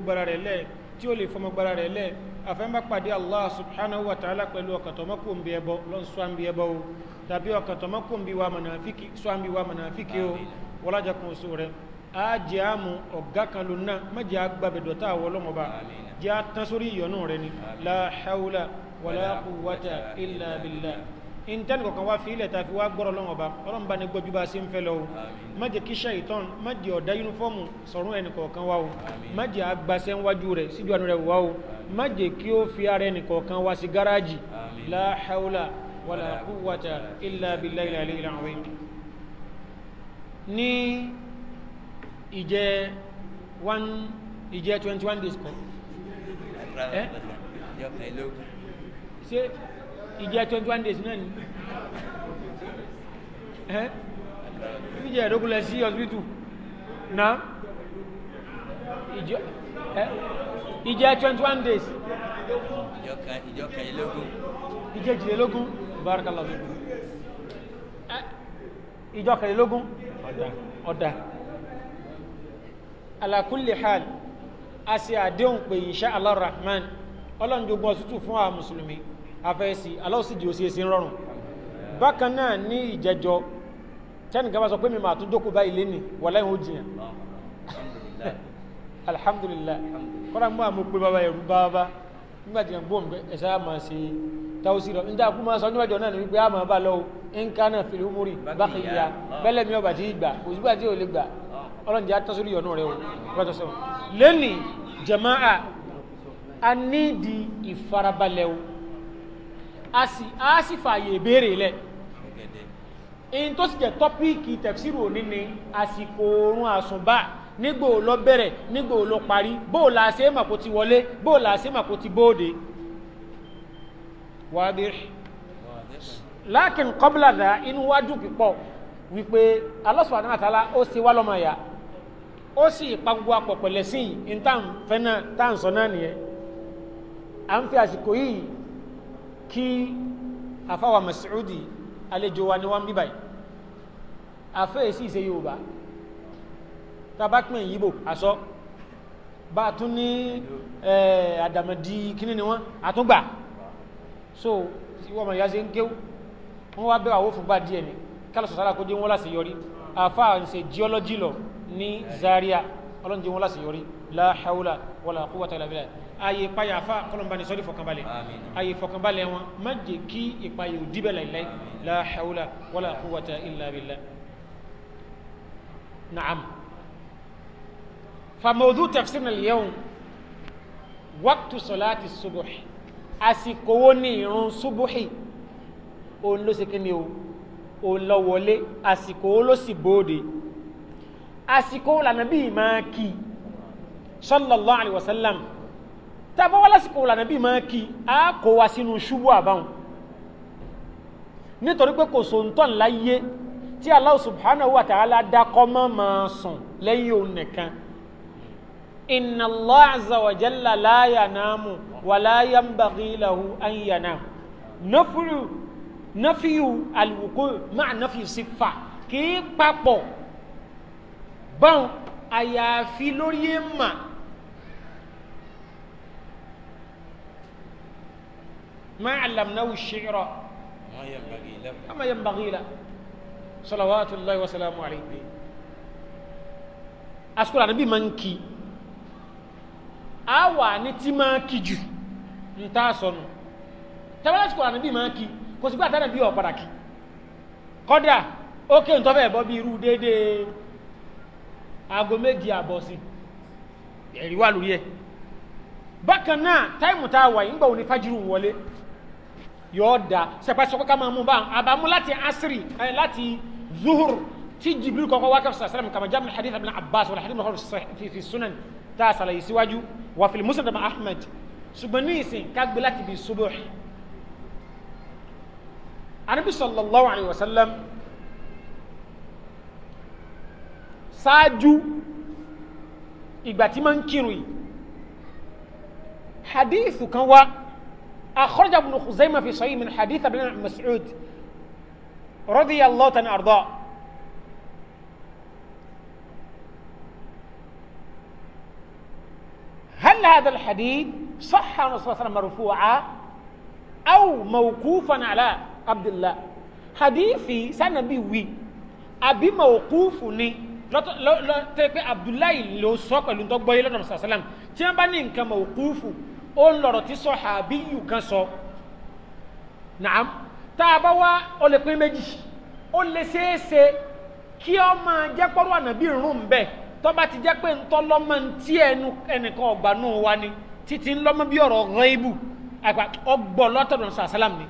gbara rẹ̀ lẹ̀ tí ó lè fọmọ gbara rẹ̀ lẹ̀ àfẹ́mbà pàdé allah subhanahu wa ta'ala pẹ̀lú ọ̀kàtọ̀mọ́kùn bí ẹbọ lọ́n sọ́àmbí ẹbọ o tàbí ọ̀kàtọ̀mọ́kùn bí wa mọ̀nàfíkì sọ́àmbí wa mọ̀nàfíkì o wọ́lájàkùn oṣù rẹ̀ a jẹ́ àmú ọ̀gá kan ló ná mẹ́jẹ́ agbábẹ̀dọ̀tà wọlọ́mọba jẹ́ àtán sórí ìyọnú rẹ̀ ni la hawla wala intan kọ̀kan wá fi ilẹ̀ ta fi wá gbọ́rọ̀ lọ́wọ́ ọba ọlọ́run bá ní gbọ́jú bá sí ń fẹ́ lọ o má jẹ́ kí ṣàìtàn má jẹ́ ọ̀dá yúnífọ́ọ̀mù sọ̀rún ẹnì kọ̀ọ̀kan wá o má jẹ́ agbaṣẹ́ wájú rẹ̀ síjú àánú rẹ̀ wá o má jẹ́ kí ó fi ara ẹnì kọ̀ọ̀kan wá sí gáràjì la hawla wala quwwata illa billahi al-aliyyil azim ní ìjẹ́ one ìjẹ́ twenty one days eh? kan ṣe ìjẹ́ twenty one days náà ni ìjẹ́ ìdókòlẹ̀ sí hospital náà ìjẹ́ twenty one days ìjọ kẹ̀yìnlógún ìjẹ́ jìlélógún barakallahu fikum ìjọ kẹ̀yìnlógún ọ̀dà ọ̀dà ala kulli hal a sì àdéhùn pé insha Allah rahman ọlọ́njogún ọ̀sútù fún àwọn mùsùlùmí afẹ́sì aláwọ̀sídì ó sì èsì rọrùn bákan náà ní ìjẹjọ tẹ́nìkan bá sọ pé mi máa tún jókòó báyìí lénìí wà láyìn ó jiyàn alhamdulillah kọ́ra mú àmú pé bàbá ẹ̀rú bàbá nígbà tí gbọ́n pé ẹ̀sà máa ṣe tàwùsí rọ níta kú máa sọ níwájọ náà ni wípé a máa bá lọ nǹkan náà fìlú múrì bákìyà bẹ́lẹ̀ a sì a sì fààyè ìbéèrè lẹ̀ in tó sì jẹ́ tọ́píìkì tẹ̀síìrù òní ni àsìkò oorun àsùnbà nígbò lọ bẹ̀rẹ̀ nígbò lọ parí bóò la ṣe é mà kó ti wọlé bóò la ṣe é mà kó ti bóòde wàdí lákìn kọ́bílà dá inú wájú pípọ̀ wípé Allah subhanahu wa ta'ala ó ṣe wá lọ́mọ ẹ̀yà ó sì pa gbogbo apọ̀ pẹ̀lẹ́ sí ìntàn náà tá náà nìyẹn à ń fi àsìkò yìí kí afáwà Mas'udi àlejò wa ni wọ́n bí báyìí afẹ́ èsì ìṣe Yorùbá tabakman yíbò asọ́ bá tún ní àdàmàdì kíní ni wọ́n àtúngbà so ìwọ̀n mọ̀ ìyáṣẹ́ ń kéwú wọ́n wá bẹ́ àwọ́ fúngbà díẹ̀ ni kálọ̀ sọ̀sára kó dé wọ́n láti yọrí afá ń ṣe geology lọ ní Zaria ọlọ́njẹ́ wọ́n láti yọrí la hawla wala quwwata illa billah ayé ìpayà afá kọlọmbà ní sọ́dí fọkànbalẹ̀ ayé fọkànbalẹ̀ wọn má jẹ́ kí ìpayà òdíbẹ̀ láìláì la hawla wala quwwata illa billah na'am fa mawdu tafsirna al-yawm waqtu salati as-subh àsìkò wo ni ìrun o ló ṣe kí o o lọ wọlé àsìkò wo ló sì bóde àsìkò lànà bíi máa sallallahu alaihi wasallam tàbá wá lásìkò lànà bí máa kí a kò wá sínú ṣubú àbáhùn nítorí pé kò so ntọ́ láyé tí Allah subhanahu wa ta'ala dákọ́ mọ́ máa sùn lẹ́yìn òun nìkan inna Allah azza wa jalla la yanamu wa la yanbaghi lahu an yanam nafiyu nafiyu alwuqu ma'a nafiyu sifa kì papọ̀ báwọn àyàfi lórí èèmà ما علمناه الشعر ما ينبغي له وما ينبغي له صلوات الله وسلامه عليه asukura anabi ma ń ki awa ni ti ma ki ju n ta sọ nu tẹbẹrẹ asukura anabi ma ki kò sí pé àtàrà bí ọ̀padà ki kọ́dà ó ké ntọ́fẹ̀ bọ́ bí irú déédéé aago méjì àbọ̀ sí ẹ̀rí wà lórí ẹ̀ bákan náà táìmù tá a wà yìí ń yóò da sẹpẹsọpẹ ká máa mú bá àbámú láti asiri ẹ láti zuhur tí jibril kọ́kọ́ wákẹ́ sọ sẹ́lẹ̀m kàmá jábìn hadith ibn abbas wàlá hadith mahor fi sunan tá a sàlàyé síwájú wà fil musnad ma ahmed ṣùgbọ́n ní ìsìn ká gbé láti bí subuh anabi sallallahu alayhi wa sallam ṣáájú ìgbà tí máa ń kírun hadith kan wá. أخرج ابن خزيمة في صحيح من حديث ابن مسعود رضي الله عنه أرضاه هل هذا الحديث صح عن الرسول صلى الله عليه مرفوعا أو موقوفا على عبد الله حديثي سنبي وي أبي موقوفني ني lọ́tọ́ pé abdullahi ló sọ pẹ̀lú tó gbọ́yé lọ́dọ̀ sàlám tí wọ́n bá ní ó ń lọ̀rọ̀ tí sọ̀hábíyù kan sọ nàám tá a bá wá ó lè pín méjì ó lè ṣeéṣe kí ọ máa jẹ́ pọ́rọ̀ ànábì rún ń bẹ̀ tó bá ti jẹ́ pé ń tọ́ lọ́mọ tí ẹnu ẹnìkan ọ̀gbà nù wa ni títí ń lọ́mọ bí ọ̀rọ̀ rẹ́ìbù àgbà ọgbọ̀ lọ́tọ̀dọ̀ sàṣálàm ni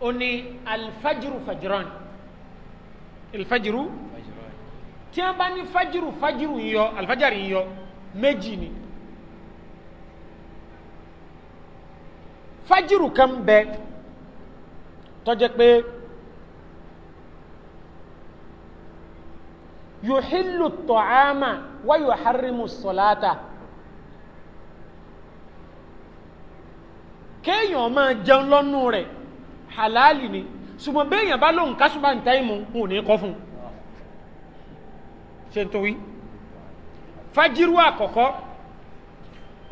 ó ní alfajiru fajiran alfajiru tí wọ́n bá ní fajiru fajiru yọ alfajari yọ méjì ni. fájìrù kan bẹ tọ́jẹ́ pé yòhílù tọ̀ámà wáyò harimu sọ̀láta kéèyàn máa jẹun lọ́nù rẹ̀ halali ni ṣùgbọ́n béèyàn bá lóhùn kásùbà ń táìmù ń ní kọ́ fún ṣe tó wí fájìrù àkọ́kọ́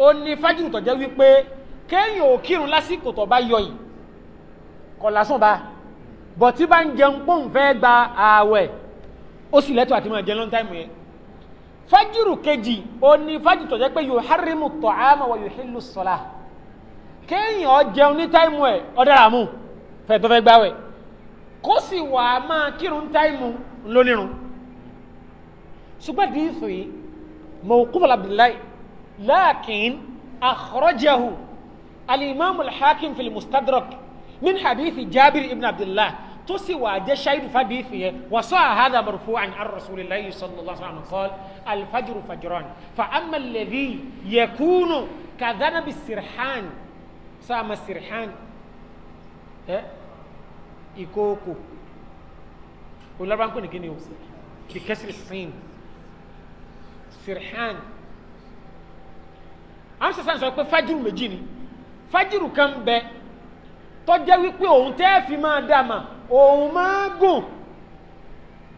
ó ní fájìrù tọ́jẹ́ wípé kéèyàn ò kírun lásìkò tó bá yọ yìí kọ̀ lásán bá bọ̀ tí bá ń jẹun pọ́ùn fẹ́ gba ààwẹ̀ ó sì lẹ́tọ̀ àti máa jẹun long time yẹn fájìrù kejì ó ní fájìrù tó jẹ́ pé yuharrimu ta'ama wa yuhillu salah kéèyàn ó jẹun ní táìmù ẹ̀ ọ̀dára mú fẹ́ tó fẹ́ gbáwẹ̀ kó sì wà á máa kírun táìmù lónírun ṣùgbọ́n dìísù yìí mawquf Abdullahi lakin akhrajahu الإمام الحاكم في المستدرك من حديث جابر بن عبد الله تسوى جشيد فديثه وصاع هذا مرفوعا عن رسول الله صلى الله عليه وسلم قال الفجر فجران فأما الذي يكون كذنب السرحان سام السرحان ها إيكوكو ولا بانكو نكيني بكسر الصين سرحان أمس سان سوى فجر مجيني fájìrù kan bẹ tọ́jẹ́ wípé òun tẹ́ fi máa dàmà òun máa gùn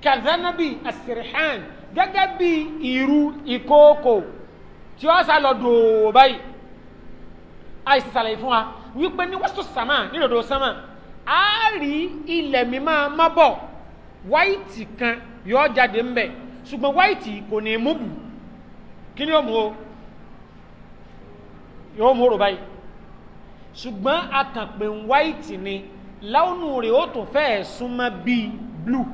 kazanabi asirihan gẹ́gẹ́ bí irú ìkookò tí ó sá lọ dòó báyìí àìsí sàlàyé fún wa wípé ní wọ́sítò sàmà nírọ̀dọ̀ sàmà á rí ilẹ̀ mímá má bọ̀ wáìtì kan yóò jáde ń bẹ̀ ṣùgbọ́n wáìtì kò ní mú bù kí ni ó mú o yóò mú rò báyìí ṣùgbọ́n akànpè white ni láúnù rẹ̀ ó tún fẹ́ẹ̀ súnmọ́ bíi blue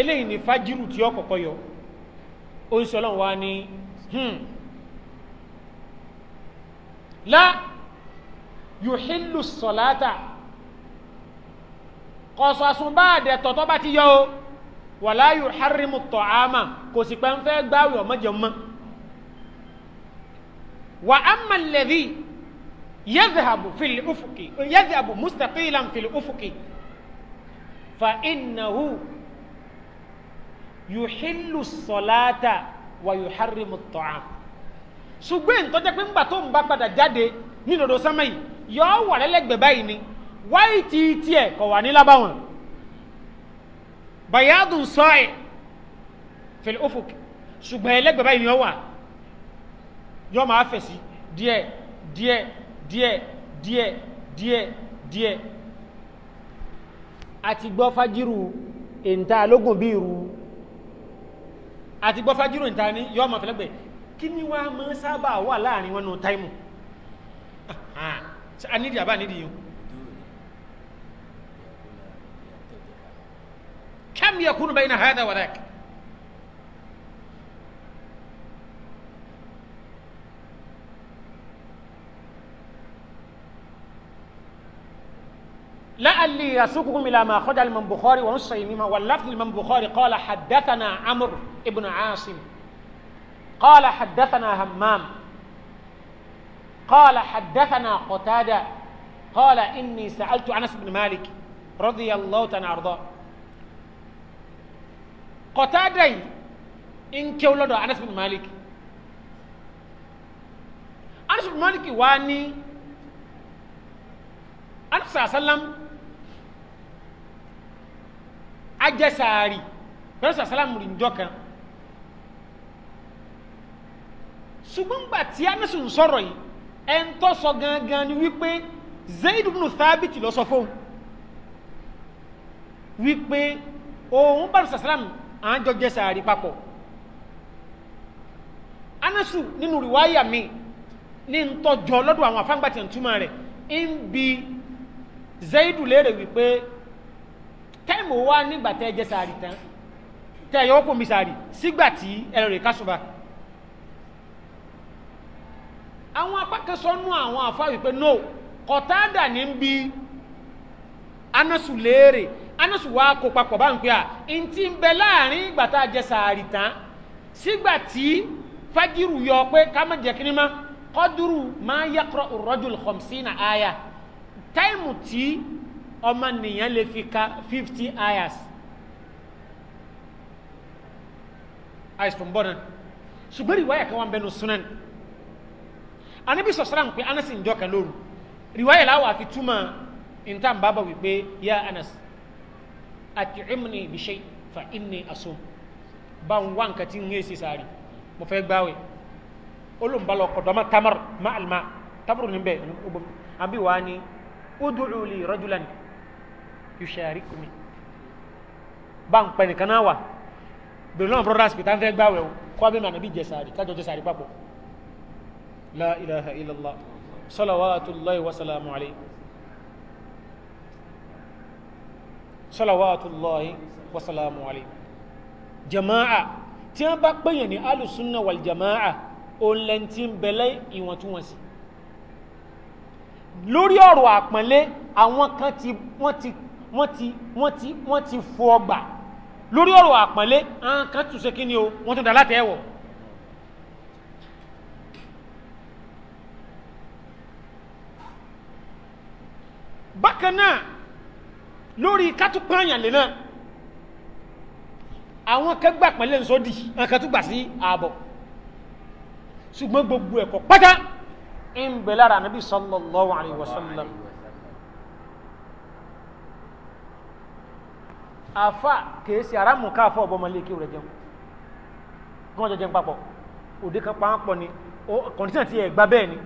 eléyìí ni fájírù tí ó kọ́kọ́ yọ ó ń sọlọ́n wa ni hmm. la yuhillu sọ̀láta kọ̀sọ̀ àsùnbáàdẹ̀ tọ̀tọ́ bá ti yọ o wàlá yuharrimu tọ̀ámà kò sì pẹ́ ń fẹ́ gbáwẹ̀ ọmọ jẹun mọ́ wa amma alladhi yadhhabu fil ufuqi yadhhabu mustaqilan fil ufuqi fa innahu yuhillu salata wa yuharrimu at-ta'am ṣùgbọ́n tó jẹ́ pé ńgbà tó ń bá padà jáde ní dòdò sánmà yìí yọ wà lẹ́lẹ́gbẹ̀ẹ́ báyìí ni wáyé tí tí ẹ̀ wà ní lábáwọn bayadun sọ́ẹ̀ fil ufuq ṣùgbọ́n ẹlẹ́gbẹ̀ẹ́ báyìí ni ọ wà yọ máa fẹ̀sí díẹ̀ díẹ̀ díẹ̀ díẹ̀ díẹ̀ díẹ̀ àti gbọ́ fájírù ìntà lógún bí irú àti gbọ́ fájírù ìntà ní yọ máa fẹ̀lẹ́gbẹ̀ kí ni wá mọ́ sábà wà wọn nù táìmù a nídìí àbá nídìí yìí kam yakunu bayna hadha wa dhaka لعلي يسوقكم إلى ما خرج من بخاري ومسلمهما واللفظ من بخاري قال حدثنا عمرو ابن عاصم قال حدثنا همام قال حدثنا قتادة قال إني سألت أنس بن مالك رضي الله تعالى أرضاه قتادة إن كولد أنس بن مالك أنس بن مالك واني أنس صلى الله عليه وسلم ajẹsàárì bẹ́ẹ̀ sàsálàmù rìn jọ kan ṣùgbọ́n gbà tí anásù ń sọ̀rọ̀ yìí ẹn tó sọ gangan ni wípé zaid ibn thabit lọ sọ fóun wípé òun bá sàsálàmù àwọn jọ jẹsàárì papọ̀ anásù nínú rìwáyà mi ní ń tọjọ àwọn afáǹgbàtì àtúmọ̀ rẹ̀ ń bi zaidu táìmù wá nígbà tẹ́ ẹ jẹ sàárì tán tẹ́ ẹ yọwọ́ pò mí sàárì sígbà tí ẹ lọ rè kásùbà àwọn apá kan sọnù àwọn àfa wípé no kọ̀tádà ní bí anásù léèrè anásù wá kó papọ̀ bá ń pè à ń ti bẹ láàrin ìgbà tá a jẹ sàárì tán sígbà tí fajiru yọ pé ká má jẹ kíní má kọ́dúrú máa yàkọ̀ rọ́jùl khamsina àyà táìmù tí ọmọ nìyẹn lè fi ka fifty ayas àìsàn bọ́ náà ṣùgbọ́n ìwáyà kan wà ń bẹnu sunan anabi sọ̀sọ́ra ń pè anas ń jọ kan lóru ìwáyà láwọ̀ àfi túmọ̀ nta ń bábọ̀ wípé yá anas at'imni bi shay fa inni asum bá ń wá nǹkan tí ń hẹ́ sí sáré mo fẹ́ gbáwẹ̀ olùbá lọ tamar ma'alma tamar níbẹ̀ àbí wàá ní ud'u li rajulan yusharikuni bá ń pẹ nìkan náà wà bèrè lọ́nà brothers pé tá ń fẹ́ gbàwẹ̀ o kọ́ abẹ́ mànà bí jẹsàárì kájọ jẹsàárì papọ̀ la ilaha illallah salawatullahi wa salamu alayhi salawatullahi wa salamu alayhi jama'a tí wọ́n bá pèyàn ní alùsùnà wal jama'a òun lẹ́ntì ń bẹ̀lẹ́ ìwọ̀ntúnwọ̀nsì lórí ọ̀rọ̀ àpọ́nlé àwọn kan tí wọ́n ti wọ́n ti wọ́n ti wọ́n ti fọ ọgbà lórí ọ̀rọ̀ àpọ́nlé àwọn kan tún ṣe kí ni o wọ́n tún dá látẹ̀ẹ́wọ̀ bákan náà lórí kátúpáyàn lè náà àwọn kan gbà pẹ̀lẹ́ ń sódì àwọn kan tún gbà sí ààbọ̀ ṣùgbọ́n gbogbo ẹ̀kọ́ pátá ń bẹ lára Ànábì sallallahu alaihi wasallam àfa kèésì aramu káfọ ọbọ ọmọ lẹkẹ rẹ jẹun kí wọn jọ jẹun papọ̀ òde kan pàápọ ni kọndíṣàn ti ẹ bẹ́ẹ̀ ni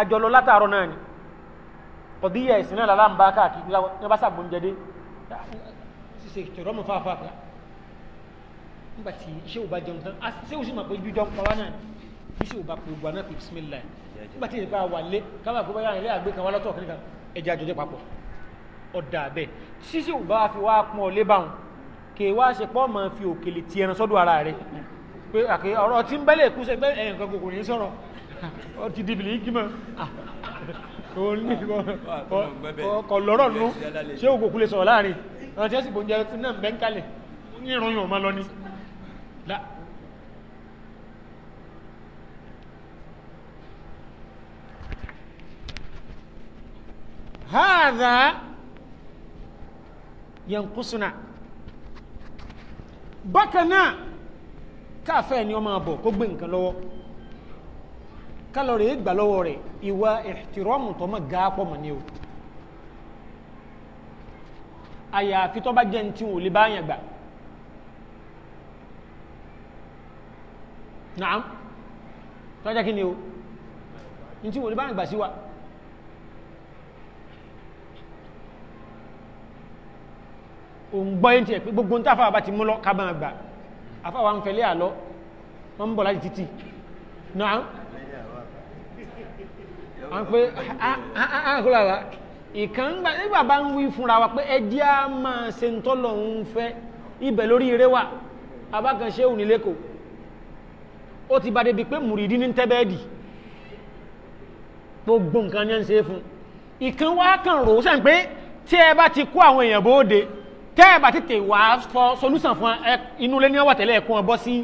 àjọlọ látàárọ̀ náà ni kọdíyà ẹsìn náà lálá ń bá káàkiri ní bá sàgbọn jẹdé ṣíṣe ìtọrọ mọ fáfá fà nígbà tí iṣẹ́ ò bá o sì mọ̀ pé ibi jọ ń pa wá náà ni iṣẹ́ ò bá pè gbà náà pè bismillah nígbà tí ìpá wà lé káwọn àgbẹ̀ bá yára ilé ọ̀dà abẹ́ sísì ò bá fi wá pọn ọ̀lẹ́ báwọn kè wá ṣe pọ́ máa fi òkèlè ti ẹran sọ́dọ̀ ara rẹ̀ pé àkè ọ̀rọ̀ tí ń bẹ́lẹ̀ kú sẹ́gbẹ́ ẹ̀yìn kan kòkòrò yín sọ̀rọ̀ ọ ti dìbìlì yín gímọ̀ kọ lọ́rọ̀ nú ṣé òkòkú lè sọ̀rọ̀ láàrin ọ̀rọ̀ tí ó sì bò ń jẹ náà bẹ́ ń kalẹ̀ هذا yankusuna bákan náà káàfẹ́ ni ọmọ àbọ̀ kó gbé nǹkan lọ́wọ́ kálọ̀rì ìgbà lọ́wọ́ rẹ̀ ìwà ìhtìrọ́mù tó mọ̀ ga pọ̀ mọ̀ ní o àyàfi tó bá jẹ́ wò lè bá yàn gbà náà tọ́jà kí ni o ní wò lè bá yàn gbà sí wa. òun gbọ́ yẹn tiẹ̀ pé gbogbo ní táfà bá ti mú lọ kábà àgbà afá wa ń fẹ́lẹ́ àlọ́ wọ́n ń bọ̀ láti títì náà à ń pé àkúlára ìkan nígbà bá ń wí fúnra wa pé ẹdí á máa ṣe ń tọ́lọ̀ ń fẹ́ ibẹ̀ lórí eré wà abákanṣe òní lẹ́kọ̀ọ́ ó ti bá débi pé mùrìdí ní tẹ́bẹ́ẹ̀dì gbogbo nǹkan ní ẹ̀ ń ṣe fún ìkan wá kàn rò ó sàn pé tí ẹ bá ti kó àwọn èèyàn bóde tẹ́ẹ̀bà tètè wà sọ solúsàn fún inú lé ní ọwà tẹ́lẹ̀ ẹ̀kún ọbọ́ sí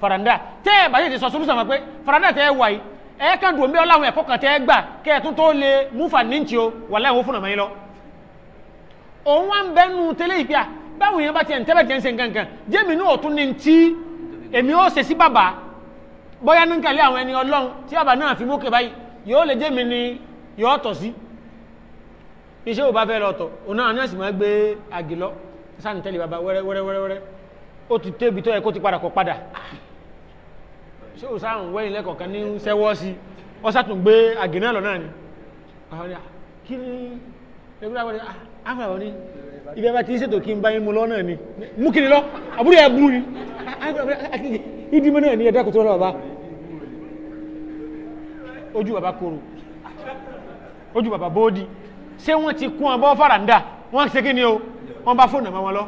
faranda tẹ́ẹ̀bà tètè sọ solúsàn fún pé faranda tẹ́ wà yìí ẹ̀ẹ́kan dùn bí ọláwọn ẹ̀kọ́ kan tẹ́ gbà kẹ́ẹ̀tún tó lè múfà níǹtì o wà láwọn fún àmọ́yìn lọ. òun wá ń bẹ́nu tẹ́lẹ̀ ìpíà báwo yẹn bá tiẹ̀ ń tẹ́bẹ̀ tiẹ̀ ń ṣe nǹkan jẹ́mi ní ọ̀tún ni ti èmi ó ṣe sí bàbá bóyá ní nkàlẹ́ àwọn ẹni ọlọ́run tí bàbá náà fi mókè báyìí yóò lè jẹ́mi ni yóò tọ̀ iṣẹ́ ò bá fẹ́ lọ́tọ̀ òun náà ní àsì máa gbé àgìlọ́ sáà ní tẹ́lẹ̀ bàbá wẹ́rẹ́ wẹ́rẹ́ wẹ́rẹ́ wẹ́rẹ́ ó ti tébi tó yẹ kó ti padà kọ padà ṣé ò sáà ń wẹ́yìn lẹ́kọ̀ọ́ kan ní sẹ́wọ́ sí ọ sátún gbé àgìlọ́ náà lọ náà ni ah, kí ni ah, ojú bàbá koro ṣé wọ́n ti kún ọbọ̀ fàràǹdà wọ́n ṣe kí ni o wọ́n bá fóònù àwọn lọ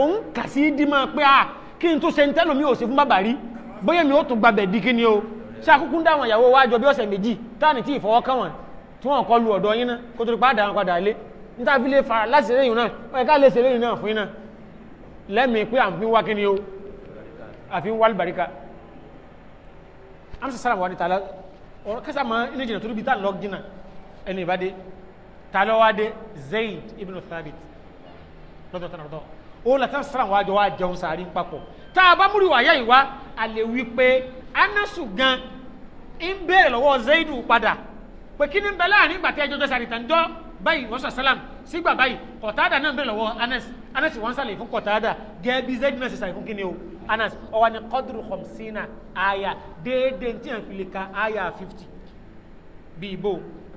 òun kà sí dímọ̀ pé a ah, kí n tó ṣe ń tẹ́lòmí ò sí fún bàbá rí bóyá mi ó tún gbàbẹ̀ di kí ni o ṣe àkókò ń dáwọn ìyàwó wájọ bí ọ̀sẹ̀ méjì táàní tí ìfọwọ́ kàn wọ́n tí wọ́n kọ lu ọ̀dọ̀ yín náà kó tó padà wọn padà lé níta fi lè fara láti ṣeré yìí náà wọ́n ká lè ṣeré yìí náà fún yín náà lẹ́mìí pé àfi wá kí ni o àfi wá lùbàríkà amsa sálàmù wa ni tààlà ọ̀rọ̀ kásàmù ilé jìnnà tó dúbi tá lọ jìnnà ẹni ìbádé tàlọ́ wá Zayd ibn Thabit lọ́dọ̀ tán ọ̀dọ́ ó lọ́tà sàrán wá jọ wá jẹun sàárì ń papọ̀ tá a bá múri wàyà ìwá a lè wí pé anasu gan ń béèrè lọ́wọ́ Zaidu padà pé kí ni ń bẹ láàrin ìgbà tí ẹjọ́ jọ sàrì tàn dọ́ báyìí wọ́n sọ sígbà báyìí kọ̀tádà náà ń béèrè lọ́wọ́ Anas Anas wọ́n sàlẹ̀ fún kọ̀tádà gẹ́gẹ́ bí Zaidu náà ṣe sàlẹ̀ fún kíni o Anas ọwọ́ ni kọ́dùrù khamsina aya déédéé tí a fi lè ka aya fifty bí ibo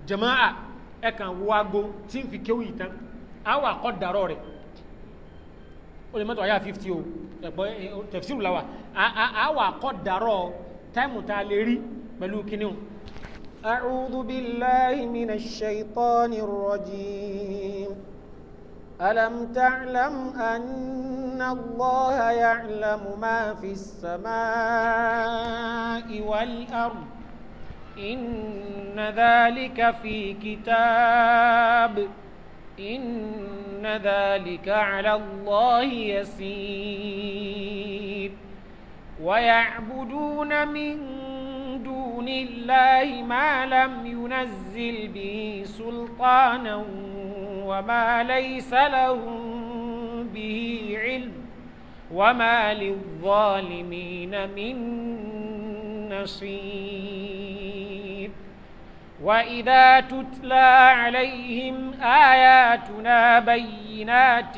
jama'a ẹ kàn wo aago tí ń fi kéwù yìí tán á wà kọ́ dàrọ́ rẹ̀ ó lè mọ́tò àyà fifty o ẹ̀gbọ́n tẹ̀fsíìrù làwà á wà kọ́ dàrọ́ táìmù tá a lè rí pẹ̀lú kíníhùn. أعوذ بالله من الشيطان الرجيم ألم تعلم أن الله يعلم ما في السماء والأرض إن ذلك في كتاب إن ذلك على الله يسير ويعبدون من دون الله ما لم ينزل به سلطانا وما ليس لهم به علم وما للظالمين من نصير وإذا تتلى عليهم آياتنا بينات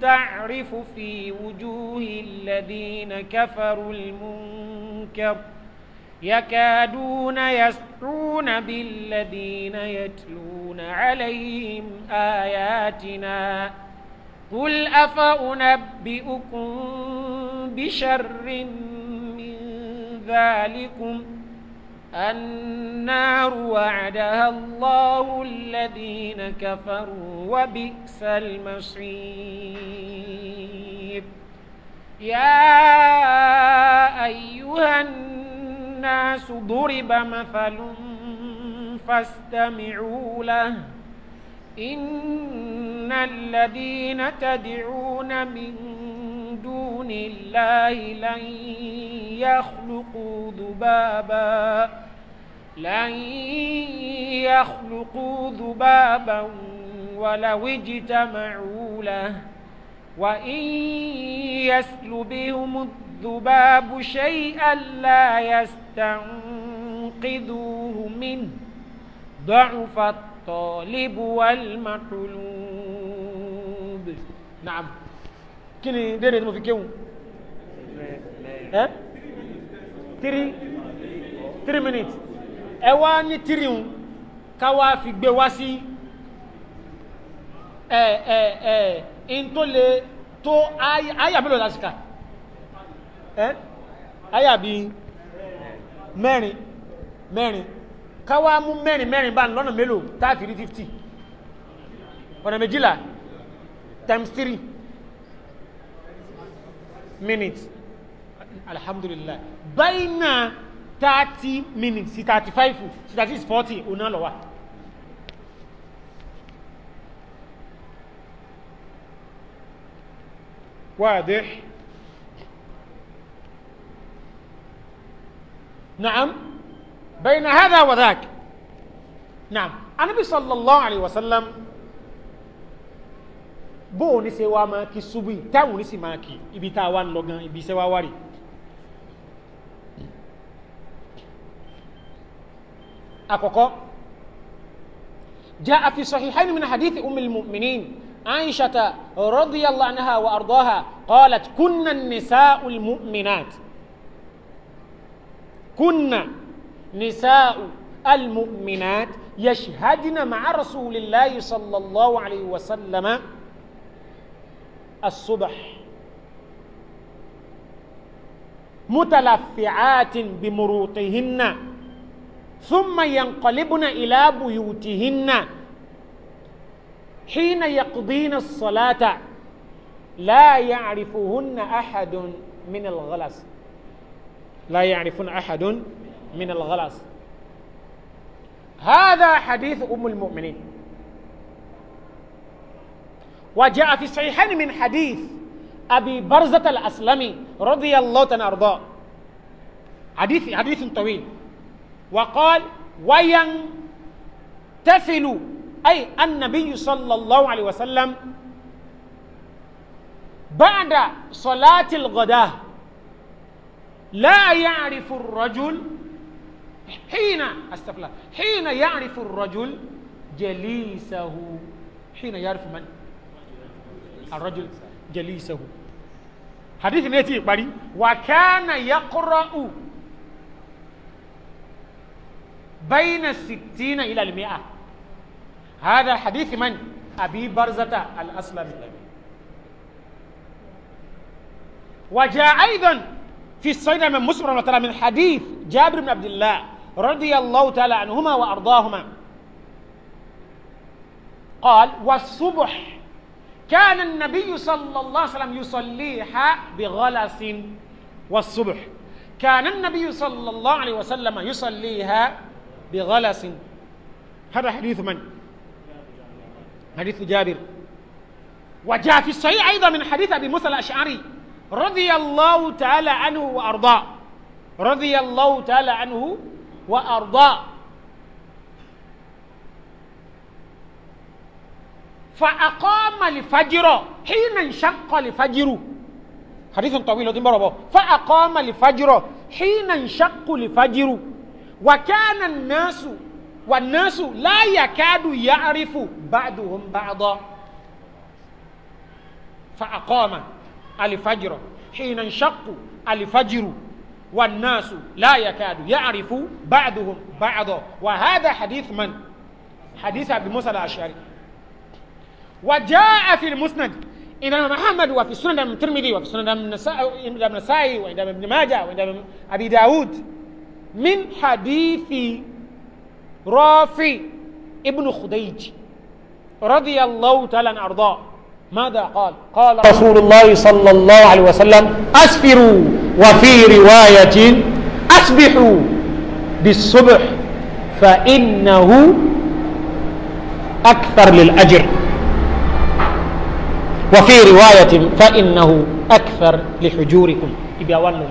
تعرف في وجوه الذين كفروا المنكر يكادون يسرون بالذين يتلون عليهم آياتنا قل أفأنبئكم بشر من ذلكم ۖ النار وعدها الله الذين كفروا وبئس المصير يا أيها الناس ضرب مثل فاستمعوا له إن الذين تدعون من دون الله لن يخلقوا ذبابا لن يخلقوا ذبابا ولو اجتمعوا له وإن يسلبهم الذباب شيئا لا يستنقذوه منه ضعف الطالب والمطلوب نعم كني ديري دمو في كيو ها three three minutes ẹ wá ní three ń ká wá fi gbé wá sí ẹ ẹ ẹ in tó lè tó àyà mélòó lásìkà ẹ àyà bí mẹ́rin mẹ́rin ká wá mú mẹ́rin mẹ́rin bá lọ́nà mélòó tá fifty ọ̀nà méjìlá times three minutes alhamdulillah bẹ́ẹ̀nà thirty minutes sí thirty five sí thirty six forty ọ̀nà lọ́wọ́. واضح نعم بين هذا وذاك نعم النبي صلى الله عليه وسلم bóò ní ṣe wá máa kí ṣubú táwọn ní sì máa kí ibi tá a wá ń lọ gan ibi iṣẹ́ wá wá rèé àkọ́kọ́ جاء في صحيحين من حديث أم المؤمنين عائشة رضي الله عنها وأرضاها قالت كنا النساء المؤمنات كنا نساء المؤمنات يشهدن مع رسول الله صلى الله عليه وسلم الصبح متلفعات بمروطهن ثم ينقلبن إلى بيوتهن حين يقضين الصلاة لا يعرفهن أحد من الغلس لا يعرفن أحد من الغلس هذا حديث أم المؤمنين وجاء في صحيحين من حديث أبي برزة الأسلمي رضي الله عنه حديث حديث طويل وقال وينتفل أي النبي صلى الله عليه وسلم بعد صلاة الغداء لا يعرف الرجل حين استغفر حين يعرف الرجل جليسه حين يعرف من الرجل جليسه حديث نتي بري وكان يقرأ بين الستين إلى المئة هذا حديث من؟ أبي برزة الأسلم وجاء أيضا في الصيد من مسلم رحمه من حديث جابر بن عبد الله رضي الله تعالى عنهما وأرضاهما قال والصبح كان النبي صلى الله عليه وسلم يصليها بغلس والصبح كان النبي صلى الله عليه وسلم يصليها بغلس هذا حديث من حديث جابر وجاء في الصحيح أيضا من حديث أبي موسى الأشعري رضي الله تعالى عنه وأرضاه رضي الله تعالى عنه وأرضاه فأقام لفجر حين انشق لفجر حديث طويل فأقام لفجر حين انشق لفجر وكان الناس والناس لا يكاد يعرف بعضهم بعضا فأقام الفجر حين انشق الفجر والناس لا يكاد يعرف بعضهم بعضا وهذا حديث من؟ حديث أبي موسى الأشعري وجاء في المسند إن محمد وفي من الترمذي وفي من النسائي وعند ابن ماجه وعند أبي داود من حديث رافع ابن خديج رضي الله تعالى عن أرضاه ماذا قال قال رسول الله صلى الله عليه وسلم أسفروا وفي رواية أسبحوا بالصبح فإنه أكثر للأجر وفي رواية فإنه أكثر لحجوركم إبيا ونو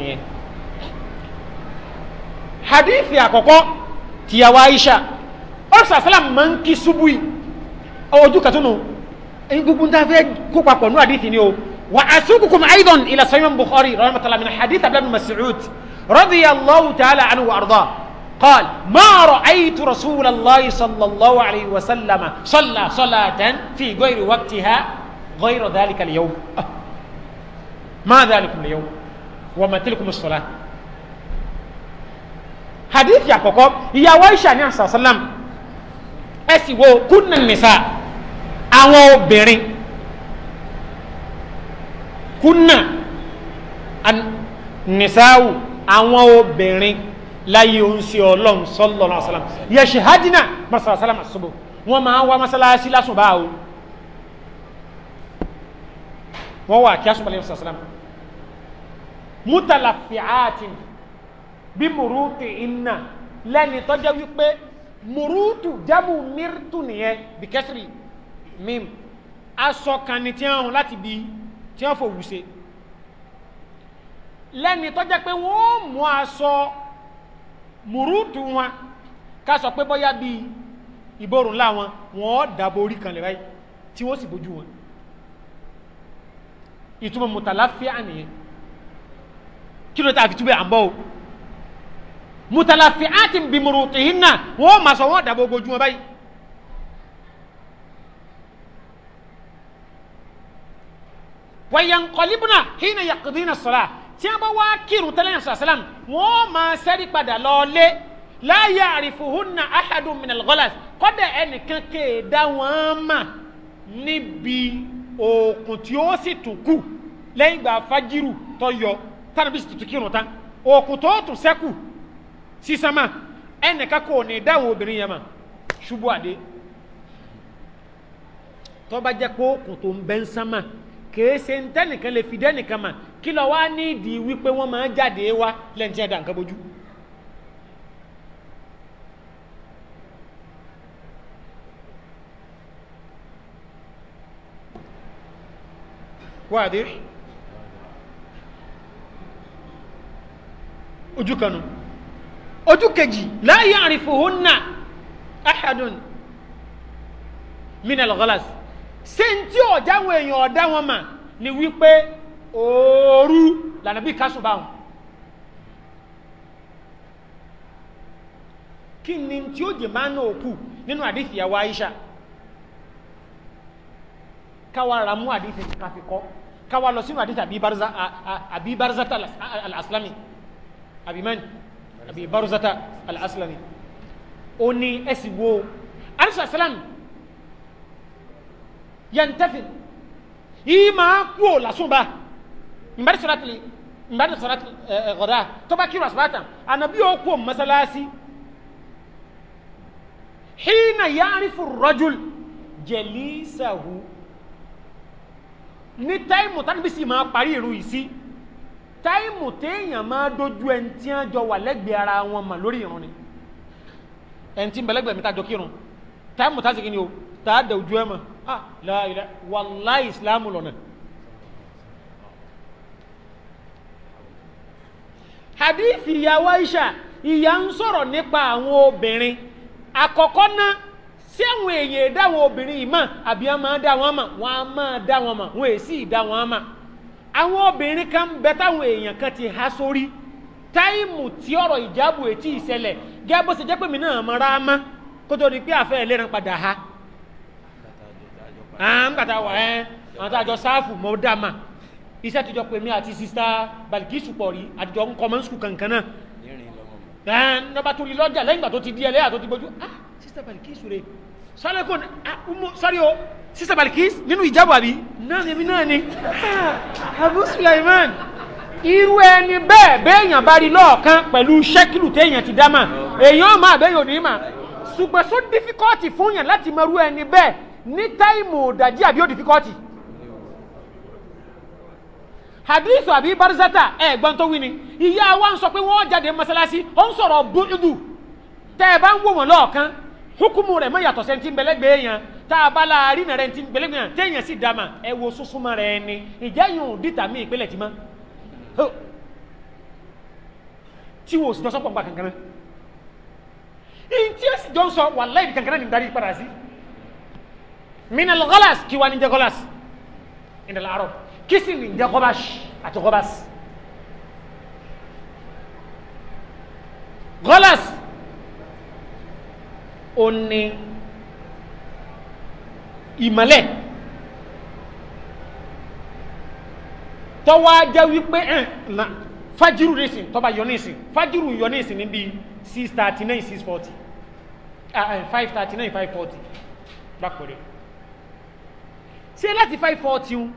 hadithi àkọ́kọ́ tìyàwó aisha ọ̀sẹ̀ àsálà máa ń kí ṣubú yìí ojú kàtúnù ẹni gbogbo ń dáfẹ́ kó papọ̀ ní hadithi ni o wa asukukum aidan ila sahih bukhari rahmatullahi min hadith abdullah bin mas'ud radiyallahu ta'ala anhu wa arda قال ما رأيت رسول الله صلى الله عليه وسلم صلى صلاة في غير وقتها غير ذلك اليوم ما ذلك اليوم وما تلكم الصلاة hadithi àkọ́kọ́ ìyàwó aisha ní asàsálàm ẹ sì wo kúnnà nìsa àwọn obìnrin kúnnà nìsáwù àwọn obìnrin láyé oúnṣe ọlọ́run sọ́lọ́rọ̀ asàlám yẹ̀ṣẹ̀ hadina masàsálàm àṣọ́bọ̀ wọ́n máa wá masalasi lásùnbà o wọ́n wà kí asùnbà lẹ́yìn masàsálàm mutalafiatin bí mùrútù iná lẹ́ni tó jẹ́ wípé mùrútù jábù mírtù nìyẹn bí kẹsìrì mím aṣọ kan ni tí wọ́n hùn láti bí tí wọ́n fòwú ṣe lẹ́ni tó jẹ́ pé wọ́n mú aṣọ mùrútù wọn ká sọ pé bóyá bí ìborùn ńlá wọ́n dàbò orí kan lè tí wọ́n sì bójú wọn ìtumọ̀ mùtàláfíà nìyẹn kí ló tàbí túbẹ̀ àmbọ́ o mutalafiati bimurutihinna wọn ma sọ wọn dàbọ ojú wọn báyìí. wàyànkọlíbùnà hìnà yàkùdínà sọlá tí a bá wá kírun tẹ́lẹ̀ yàn sàlám wọn máa sẹ́rí padà lọ́ọ́lé láàyè àrífùhùnà ahadun minal ghalas kọ́dà ẹnìkan kéèdá wọn mà níbi òkun tí ó sì tún kù lẹ́yìn ìgbà fájírù tó yọ tánàbí sì tuntun kírun tán òkun tó tún sẹ́kù sisama ɛna ka kɔɔ ne da wo obìnrin yẹn ma ṣubú adé tọ́ba jẹ́ pé okùn tó ń bẹ́ ń sánmà kèé ṣe fi dẹ́nìkan mà kí lọ wá ní ìdí wípé wọ́n máa ń jáde wá lẹ́yìn tí ẹ̀ dà nǹkan bójú ojú kejì la ya'rifuhunna ahadun min al-ghalas ṣé n tí ọ̀dá àwọn èèyàn ọ̀dá wọn mà ni wípé ooru lànà bí kásùn bá wọn kí ni tí ó jẹ máa ń náà kù nínú àdìsí ìyàwó Aisha káwa ra mú àdìsí kàfi kọ́ káwa lọ sínú àdìsí àbí barza àbí barza al-aslami àbí mẹ́rin àbí baruzata al-aslami ó ní ẹsì wo alayhi salam yantafil yìí máa kú ò lásùnbà ìbárí sọ̀rọ̀ àtìlẹ̀ ìbárí sọ̀rọ̀ ọ̀dà tó bá kírò àsùbátà ànàbí ó kú ò mọ́sálásí hina ya'rifu ar-rajul jalisahu ní táìmù tánibí sì máa parí ìrù táìmù téèyàn máa dojú ẹni tí wọ́n jọ wà lẹ́gbẹ̀ẹ́ ara wọn mà lórí ìrun ni ẹni tí ń bẹ lẹ́gbẹ̀ẹ́ mi tá jọ kírun táìmù tá sì kí ni o tá a dẹ ojú ẹ mọ̀ ah láìlẹ wàlá ìsìlámù lọ́nà. hadithi ìyàwó Aisha ìyá ń sọ̀rọ̀ nípa àwọn obìnrin àkọ́kọ́ náà sí àwọn èèyàn dáwọn obìnrin yìí mọ̀ àbí wọ́n máa dá wọn mọ̀ wọ́n á máa dá wọn mọ̀ wọ́n èsì dá wọn mọ̀ àwọn obìnrin kan ń bẹ táwọn èèyàn kan ti há sórí táìmù tí ọ̀rọ̀ ìjábò ètí ìṣẹ̀lẹ̀ gẹ́gẹ́ bó ṣe jẹ́ pé mi náà mọ ra mọ́ kó tó di pé àfẹ́ ẹlẹ́ran padà ha àǹkàtà wà ẹ́ àwọn tá a jọ sáàfù mọ́ dá mà iṣẹ́ tó jọ pé mi àti sista Balkisu pọ̀ rí àjọ ń kọ́ mọ́ sùkúù kankan náà nọba tó rí lọ́jà lẹ́yìn ìgbà tó ti di ẹlẹ́yà tó ti gbójú ah sista Balkisu rè sálẹ́kùn ah, sáré o sista Balkis nínú ìjábọ̀ àbí náà ni èmi náà ni ah, Abu Sulaiman irú ẹni bẹ́ẹ̀ béèyàn bá rí lọ́ọ̀kan pẹ̀lú ṣẹ́kìlù téèyàn ti dámà èèyàn máa béèyàn ò ní mà ṣùgbọ́n só dífíkọ́ọ̀tì fún yàn láti mọ irú ẹni bẹ́ẹ̀ ní táìmù òdàjí àbí ó dífíkọ́ọ̀tì hadithu àbí barzata ẹ̀gbọ́n tó wí ni ìyá wa ń sọ pé wọ́n jáde mọ́sálásí ó ń sọ̀rọ̀ bójú tẹ́ ẹ bá ń wò wọ́n lọ́ọ̀kan hukumu rẹ̀ mọ́ yàtọ̀ sẹ́ńtì ń bẹ̀lẹ́gbẹ̀ẹ́ yẹn tá a bá la rí nàrẹ́ ti gbẹlẹ́gbẹ̀ hàn téèyàn sì dá ma ẹ wo súnsúnmọ́ rẹ ni ìjẹ́ yìí ò dìtà mí ìpínlẹ̀ tí ma tí wo sì jọ sọ́pọ̀ nípa kankan náà ìtí ẹ sì jọ ń sọ wàláhì kankan náà ní darí padà sí minal ghalas kí wàá ní jẹ́ ghalas ìdàlá àárọ̀ kí sì ní jẹ́ ghabas àti ghabas ghalas ó ìmọ̀lẹ̀ tọ́wọ́ ajá wípé ẹ̀ na fájírù nísìn tọ́ba yọ nísìn fájírù yọ nísìn níbi six thirty nine six forty five thirty nine five forty gbàpẹ̀rẹ̀ ṣe láti five forty un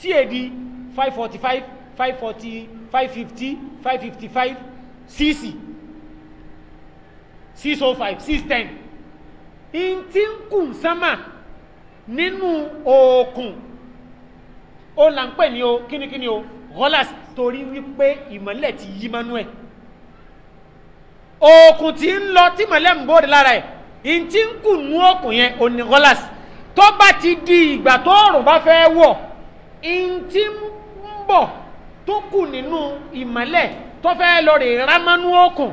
tí èdè five forty five five forty five fifty five fifty five six six oh five six ten ntí ń kùn sánmà nínú òòkùn ó là ń pè ní o kínníkínní o rollers torí wípé ìmọ̀lẹ̀ ti yí mọ́nú ẹ̀ e. òòkùn tí ń lọ tí ìmọ̀lẹ̀ ń bóde lára ẹ̀ e. ntí ń kùn nú òòkùn yẹn ò ní rollers tó bá ti di ìgbà tó òrùn bá fẹ́ wọ̀ ntí ń bọ̀ tó kù nínú ìmọ̀lẹ̀ tó fẹ́ lọ rè rámánú òòkùn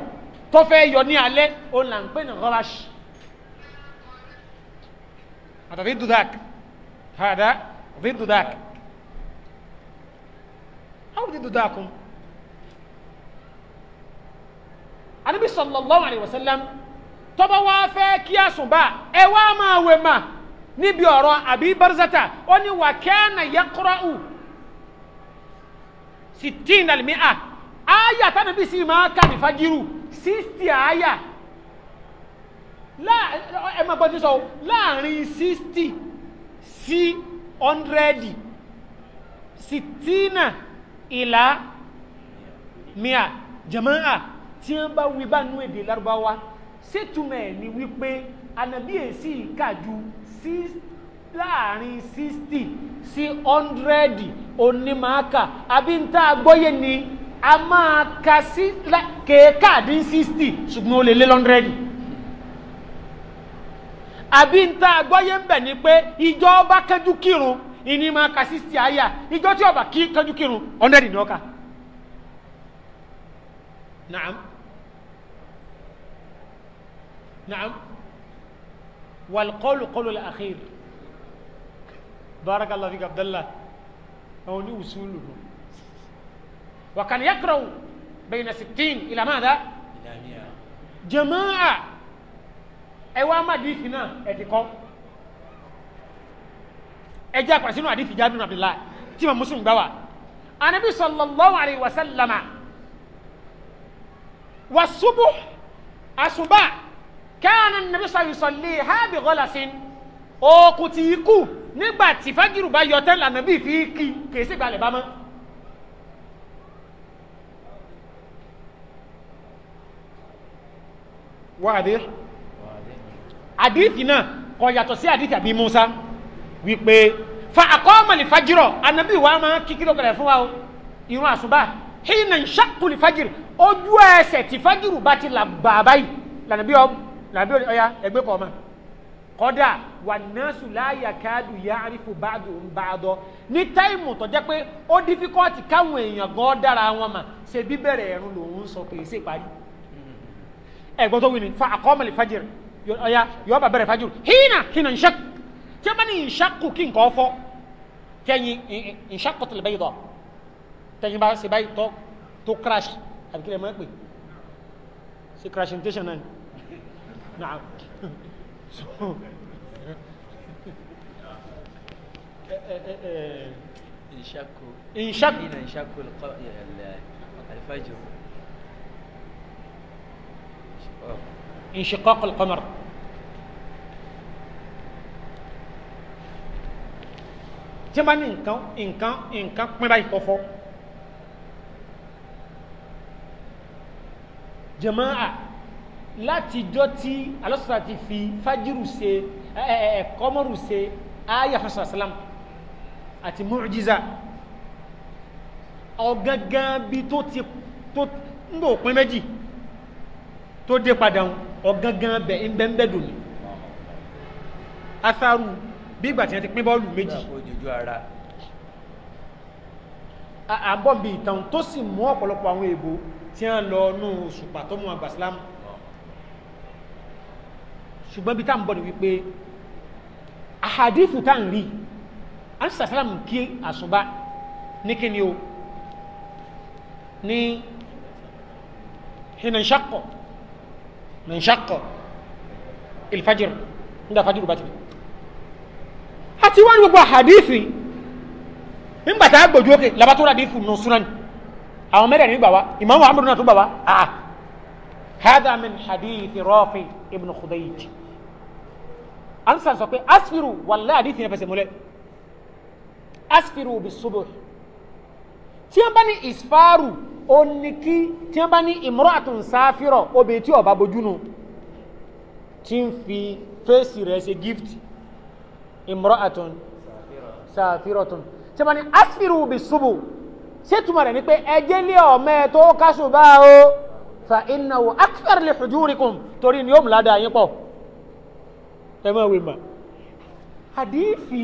tó fẹ́ yọ ní alẹ́ ó là ń pè ní rollers. هذا ضد ذاك هذا ضد ذاك أو ضد ذاكم النبي صلى الله عليه وسلم طبا وافك يا سبا اواما وما نبي ارى ابي برزتا اني وكان يقرا ستين المئة آية النبي سيما كان فجر ستي آية ẹ máa gbọ́ tí sọ láàrin sixty sí hundred sitina ìlà mia jamaa tí wọ́n bá wí bá nú èdè lárúbáwá sétúmọ̀ ni wípé ànàbí èsì ìkàjú láàrin sixty sí hundred onímọ̀ọ́kà àbí ń tá a gbọ́yé ni a máa ka sí kéèkà dín ṣùgbọ́n ó lè lé lọ́ndrẹ́dì àbí ń ta àgbọ́yé ń bẹ̀ ni pé ìjọ ọba kẹjú kírun ìní máa ka sí ti àyà ìjọ tí ọba kí kẹjú kírun ọ̀ndẹ́dì ní ọkà. naam naam walqawlu qawlu al-akhir barakallahu fika abdallah àwọn ní usulu wa kan yakraw bayna sittin ila madha jama'a ẹwà mádìífì náà ẹ̀dìkọ́ ẹjẹ́ àpàṣẹ inú àdìífì jábìrì Abdullahi tí ma Muslim gbá wa anabi sallallahu alayhi wa sallama wa subu asuba kana nabi sallallahu ha bi ghalasin okun ti ikú nígbà tí fajiru bá yọ tẹ́lẹ̀ anabi fi kí kèsì balẹ̀ bá mọ́. wáàdí àdìsí náà kò yàtọ̀ sí àdìsí àbí Musa wípé fa àkọ́ọ̀mọ̀lì fajirọ̀ anabi wa máa kíkiri ọkọ̀rẹ́ fún wa o irun àṣùbà hìnà ṣàkùlì fajiri ojú ẹsẹ̀ tí fajiru bá ti là bàbá yìí lànàbí ọya ẹgbẹ́ kọ̀ ọ̀ma kọ́dà wà nọ́ọ̀sù láàyè káàdù yá àrífò báàdù ń bá a dọ́ ní táìmù tó jẹ́ pé ó dífíkọ́ọ̀tì káwọn èèyàn gan dára wọn mà ṣe bíbẹ̀rẹ̀ ẹ̀rùn lòún sọ pé ṣèparí ẹ̀gbọ́n tó wí ni fa àkọ́ọ̀mọ̀lì fajiri ọ̀ya yọ bá bẹ̀rẹ̀ fájú hínà hínà ń ṣak tí a bá ní ìṣakù kí nǹkan fọ́ tẹ́yìn ìṣakù tó lè bẹ́yìí dọ̀ tẹ́yìn bá ṣe báyìí tó crash àbí kí lè máa pè ṣe crash intention náà náà ìṣakù ìṣakù hínà ìṣakù alifájú. Oh. انشقاق القمر tí wọ́n bá ní nǹkan nǹkan nǹkan pín báyìí kọ́kọ́ jẹ̀máà látijọ́ tí alọ́sọ̀tà ti fi fájírù ṣe ẹ̀ẹ́kọ́mọ́rù ṣe ayé àfẹ́sọ̀sálàm àti mọ́rùjíza ọ̀gangan bí tó ti tó ń bò pín méjì tó dé padà wọn ọ̀gángan bẹ̀ ń bẹ́ ń bẹ́ dòní asaru bí ìgbà tí wọ́n ti pín bọ́ọ̀lù méjì àbọ̀nbí ìtàn tó sì mú ọ̀pọ̀lọpọ̀ àwọn èèbò tí wọ́n lọ nú ṣùpà tó mú àgbà sílámù ṣùgbọ́n bí tá ń bọ̀ ní wípé àhàdífù tá ń rí ansàsálàm kí àṣùbá ní kíni o ní hinanṣakọ̀ من شق الفجر عند فجر باتري àti wọ́n gbogbo àhàdíìsì nígbàtà gbòjú òkè labatúrà díìsì nù súnan àwọn mẹ́rẹ̀ nígbà wa Imam Ahmadu náà tó gbà wa ah, àà hadha min hadithi Rafi ibn Khudayj ansan sọ pé asfiru wallahi àdíìsì yẹn fẹsẹ̀ múlẹ̀ asfiru bis subuh tí wọ́n bá ní isfaru ó ní kí tí wọ́n bá ní imra'atun sáfírọ̀ obìnrin tí ọba bojúnu tí ń fi fèsì rẹ̀ ṣe gift imra'atun sáfírọ̀tun tí wọ́n bá ní asfiru bi subu ṣé túmọ̀ rẹ̀ ni pé ẹjẹ́ lé ọmọ ẹ tó kásù bá o fa innahu akthar li hujurikum torí ni ó mú ládàá yín pọ̀ ẹ máa wí mà àdìfì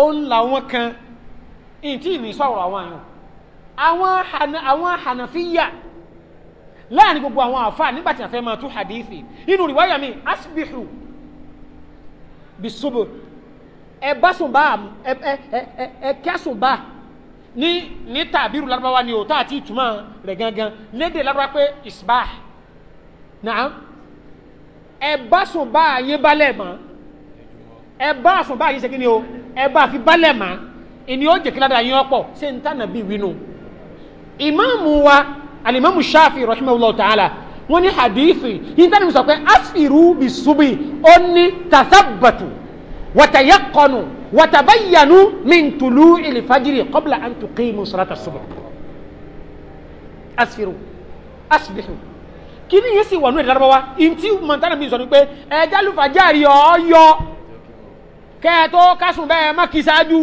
òun làwọn kan ìtì ní sọ̀rọ̀ àwọn àyàn àwọn hànà àwọn hànàfíyà láàrin gbogbo àwọn àfà nígbàtí àfẹ́ máa tú hadithi inú riwaya mi asbihu bisubur ẹbásùnbá ẹkẹsùnbá ní ní tàbírù larabawa ni òtá àti ìtumọ̀ rẹ̀ gangan lédè larabawa pé isbah naam ẹbásùnbá yín balẹ̀ mọ́ ẹbásùnbá yín ṣe kí ni o ẹbá fi balẹ̀ mọ́ ìní ó jẹ́ kí yín ọ̀pọ̀ ṣé ń bí wínú ìmáàmù wa alimami shafi rahimahullah ta'ala wọ́n ní hadithi yìí tani sọ pé afiru bi subi ó ní tathabatu watayakọnu watabayanu min tulu ilifajiri qabla an tuqimu salata subu asfiru asbihu kini yìí sì wà nù ìdárabáwa ntí mọ̀ntánà mi sọ ni pé ẹja lùfàjárì ọ̀ọ́yọ kẹ́ẹ̀tọ́ kásùn bẹ́ẹ̀ má kí sáájú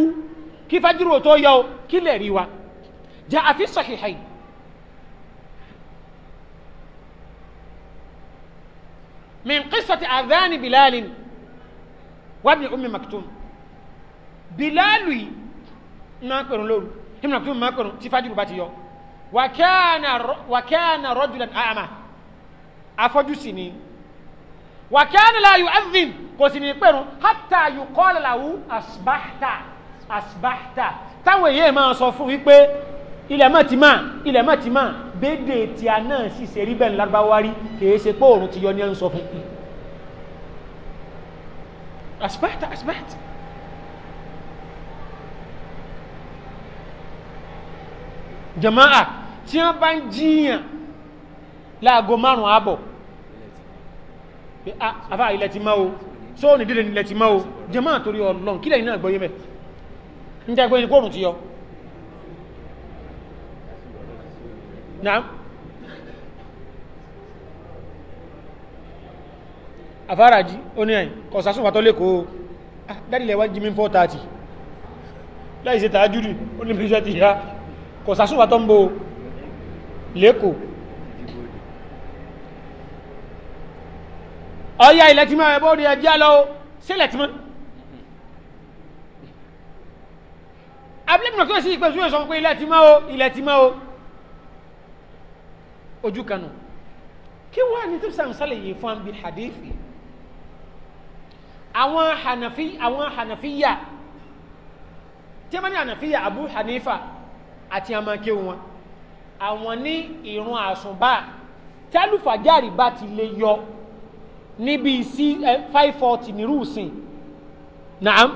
kí fájúrò tó yọ kí lè rí wa. جاء في الصحيحين من قصة أذان بلال وابن أم مكتوم بلال ما كانوا لول ابن مكتوم ما كانوا تفادي باتي يوم وكان وكان رجلا أعمى أفجو سنين وكان لا يؤذن قسم يقرن حتى يقال له أصبحت أصبحت تاوي ما صفو يقرن ilẹ̀ mọ̀ tí máa ilẹ̀ mọ̀ tí máa bédè tí a náà sì ṣe rí bẹ́ẹ̀ lárúbáwá rí kìí ṣe pé òòrùn ti yọ ní ẹ̀ ń sọ fún asbat asbat jama'a tí wọ́n bá ń jiyàn láago márùn-ún àbọ̀ àfà ilẹ̀ ti máa o sóòní máa jama'a torí ọlọ́run kílẹ̀ iná àgbọ́yé mẹ́ ń jẹ́ pé ní ti yọ نعم afárají ó ní ẹ̀yìn kọ̀sásùn wàtọ́ lè kó ah, dárílẹ̀ wá jímí 430 láì ṣe tàájúdì ó ní píṣẹ́ ti yá kọ̀sásùn wàtọ́ ń bó lẹ́kọ̀ ọya ilẹ̀ tí máa ẹbọ́ rí ẹjá lọ sílẹ̀ tí mọ́ abúlé mọ̀ kí ó sì ìpẹ́sùn ẹ̀sọ́ pé ilẹ̀ tí máa ó ilẹ̀ tí máa ó ojú kanu kí wọ́n ní tí sàn sálẹ̀ yìí fún àmì hadithi àwọn hanafi àwọn hanafiya tí wọ́n ní hanafiya abu hanifa àti amáké wọn àwọn ní ìrun àsùnbà tẹ́lùfàjárì bá ti lè yọ níbi sí five forty nírú sìn naam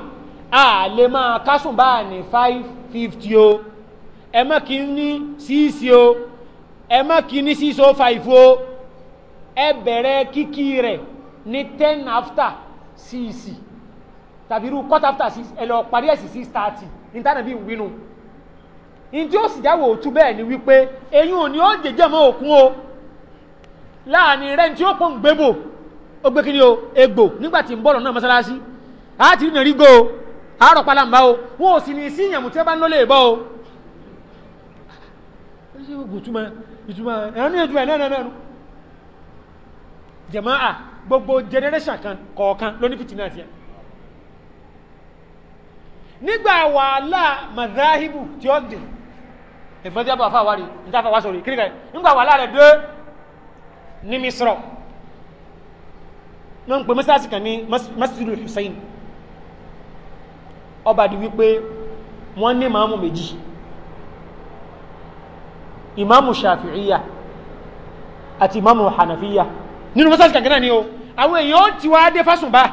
a lè máa kásùn ní five fifty o ẹ má kí n ní síìsì o ẹ má kí ní five o ẹ bẹ̀rẹ̀ kíkí rẹ̀ ní ten after six tàbí rú quarter after six ẹ lọ parí ẹ̀sì six thirty ní tàbí bí wínú ní tí ó bẹ́ẹ̀ ni wípé eyín o láàrin rẹ tí o egbò nígbà tí ń bọ̀ lọ́nà mọ́sálásí go àárọ̀ palamba o wọn ò sì ní sí ìyàmù tí bá ń o. ìtumọ̀ ẹ̀rọ ní ìtumọ̀ ẹ̀rọ náà jẹ̀máà gbogbo generation kan kọ̀ọ̀kan ló ní fìtínà àti ẹ̀ nígbà wàhálà mazahibu tí ó dì ẹ̀fẹ́ tí a bá fà wá rí níta fà wá sọ̀rọ̀ kíríkà nígbà wàhálà rẹ̀ dé ní misrọ̀ náà ń pè mẹ́sàásì kan ní masjidu hussein ọba di wípé wọ́n ní màámù méjì ìmáàmù ṣàfihíyà àti ìmáàmù hànàfíyà nínú mọ́sálì kankan náà ni o àwọn èèyàn ó ti wá dé fásùnbà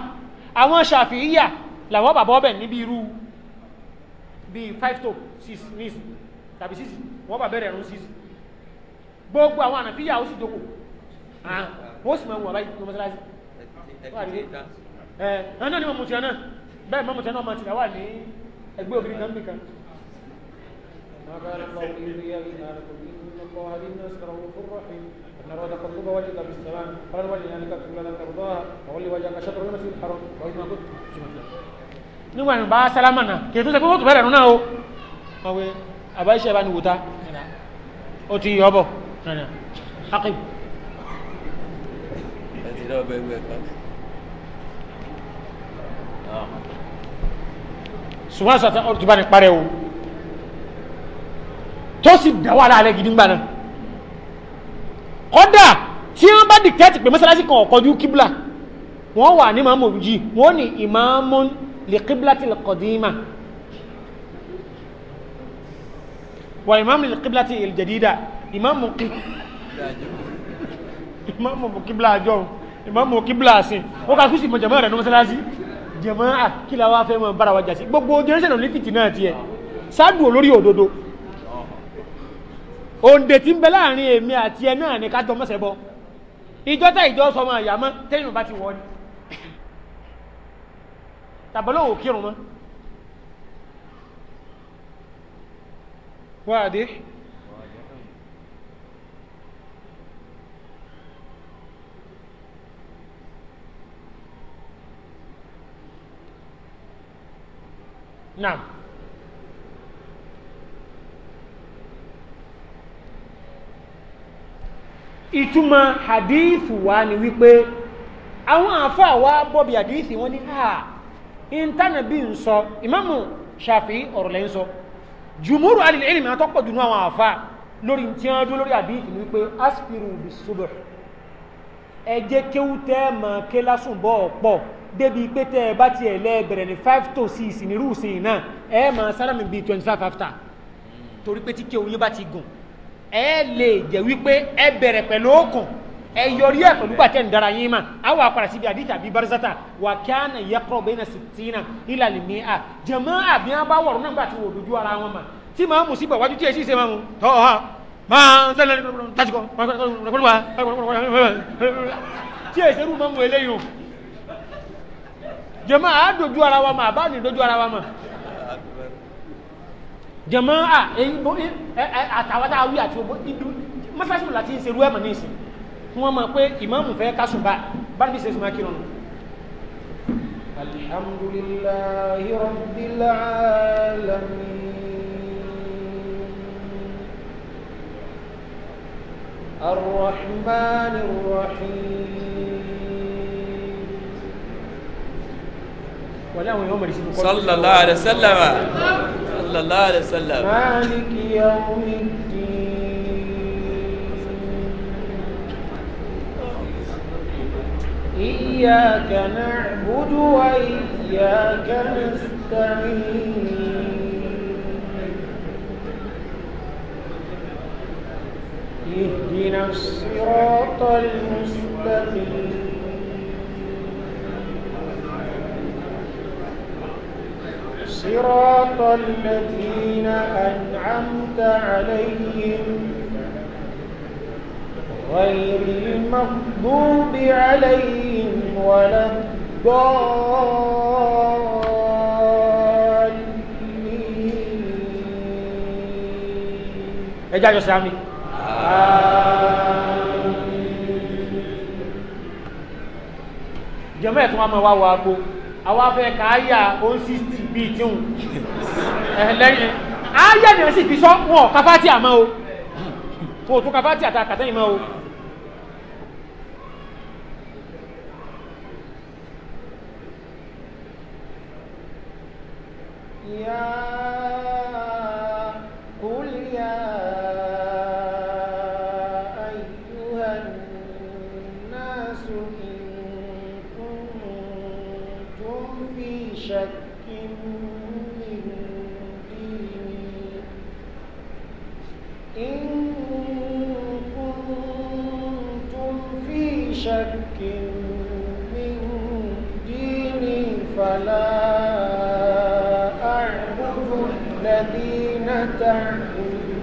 àwọn ṣàfihíyà làwọn bàbá ọbẹ̀ níbi irú bíi five to 6. níìsì tàbí six wọ́n bàbá rẹ̀ rún six gbogbo àwọn ànàfíyà ó sì jókòó wọ́n sì máa wù àbáyé ní mọ́sálásí ẹ̀ ẹ̀ náà ni mo mú tiẹ̀ náà bẹ́ẹ̀ mọ́mọ́ tẹ́nà ọmọ ti wà ní ẹgbẹ́ obìnrin kan nìkan. الله عليه وسلم رؤوف رحيم أن أراد قلبه وجهك بالسلام قال ولي أنك تقول لك ترضاها وولي وجهك شطر المسجد الحرام وإنما كنت nígbà ní bá sálámà náà kì í tún ṣe pé wọ́n tún bẹ̀rẹ̀ nù náà o wọ́n wé àbáṣe bá ní wùtá ó ti yọ bọ̀ nànà akim. ẹ ti lọ bẹ tó sì dá wàhálà rẹ̀ gidi gbà náà kọ́dà tí wọ́n bá dìkẹ́tì pé mọ́sálásí kan ọ̀kọ́jú kíbla wọ́n wà ní màmú òjì wọ́n ní ìmáàmù lè kíbla ti lè kọ̀dìmà wà ìmáàmù lè kíbla ti ìjẹ̀dídà ìmáàmù kíbla àjọ ìmáàmù kíbla àsìn ó kà kú sí rẹ̀ mọ́sálásí jẹ̀mọ́ àkílà wa fẹ́ mọ́ bára wa sí gbogbo jẹ́rẹ́sẹ̀ òǹdè tí ń bẹ láàrin èmi àti ẹ náà ní kájọ mọ́sẹ̀ bọ́ ìjọ tá ìjọ sọmọ àyà mọ́ tẹ́yìn bá ti wọ́ ni tàbọ́lọ́ ò kírun mọ́ wáàdí náà ìtumọ̀ hadithu wa ni wípé àwọn àfà wa bọ́bi hadithi wọ́n ní ha ìntànà bí n sọ ìmáàmù ṣàfi ọ̀rọ̀ lẹ́yìn sọ jùmúrù alìlẹ́yìn mi àtọ́pọ̀ jù àwọn àfà lórí tí wọ́n dún lórí hadithi ni wípé aspiru bisubur ẹ jẹ́ kéwú tẹ́ mọ̀ ké lásùn bọ́ ọ̀pọ̀ débi pé tẹ́ ẹ bá tiẹ̀ lẹ́ẹ̀bẹ̀rẹ̀ ní five to 6 ní rúùsìn náà ẹ máa sálámì bíi twenty five after torí pé tí kéwú yín bá ti gùn ẹ lè jẹ́ wípé ẹ bẹ̀rẹ̀ pẹ̀lú okùn ẹ yọrí ẹ pẹ̀lú gbàtẹ́ ń dara yín mà á wà padà síbi àdìtà bíi barzata wà kíánà yẹkọrọ bẹ́ẹ̀ náà sìtìnà ilà lè mí à jẹ̀mọ́ àbí wọn bá wọ̀rọ̀ náà gbà tí wò dojú ara wọn mà tí màá mú síbẹ̀ wájú tí èsì ṣe máa mú tọ́ ọ máa ń sẹ́lẹ̀ tásìkò tí èsì rú máa mú eléyìí o jẹ̀mọ́ àá dojú ara wa mà àbá ní dojú ara wa mà jàmáà àtàwádà awí àti ogbó idu mọ́sálásí láti ń serú ẹ̀mọ̀ ní ìsìn wọ́n mọ̀ pé ìmáàmù fẹ́ kásùn bá bá níbi ìsẹ̀sùn máa kírun alhamdulillahi rabbil alamin الرحمن الرحيم صلى الله عليه وسلم صلى الله عليه وسلم مالك يوم الدين إياك نعبد وإياك نستعين اهدنا الصراط المستقيم صراط الذين أنعمت عليهم غير المغضوب عليهم ولا الضالين اجعلوا سامي جماعة ما ما àwọn afẹ́ káyà ó ń sí ti bí tí òun ẹ̀lẹ́yìn ayé ni wọ́n sì fi sọ wọn kafáti àmọ́ o wọn ò tún kafáti àta kàtẹ́yìn o Yeah. إن كنتم في شك من ديني فلا أعبد الذين تعبدون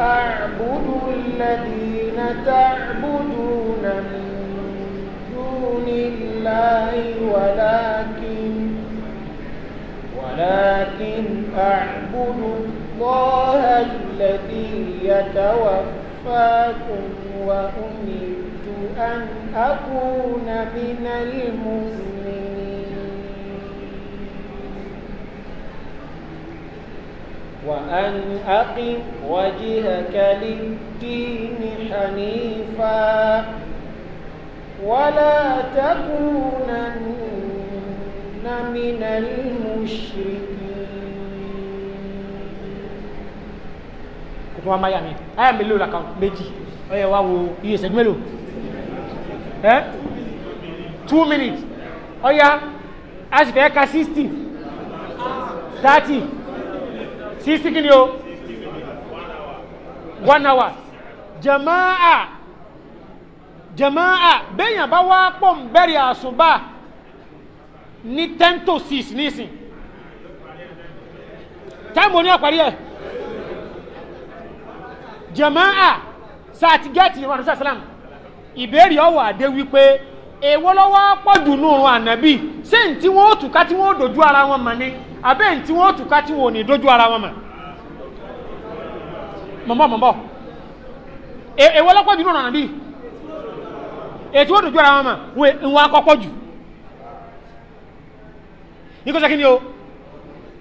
أعبد الذين تعبدون من دون الله ولا ولكن أعبد الله الذي يتوفاكم وأمرت أن أكون من المسلمين وأن أقم وجهك للدين حنيفا ولا تكونن من المسلمين kò tún wá máa yà mí ayà mi lò làkà méjì ó yẹ wá wo iye ìṣẹ́jú mélòó ẹ́ two minutes ó yá a sì fẹ́ ka sixty thirty sixty kí ni o one hour jamaa jamaa bẹ́yàn bá wá pọ̀ ń bẹ̀rẹ̀ àsùnbà ní ten to six nísìn táìmù ní ọ̀parí ẹ̀ jẹ̀máà sáàtì gẹ́ẹ̀tì ìwọ̀n àdúsà sálàm ìbéèrè ọwọ́ àdé wípé èwo lọ́wọ́ pọ̀jù nùrùn ànábì ṣé n tí wọ́n ó tùká tí wọ́n ó dojú ara wọn mọ̀ ni àbẹ́ n tí wọ́n ó tùká tí wọ́n ò ní dojú ara wọn mọ̀ mọ̀mọ́ mọ̀mọ́ e, èwo lọ́wọ́ pọ̀jù nùrùn ànábì ètò dojú ara wọn mọ̀ wọn akọ́pọ̀ jù ní kó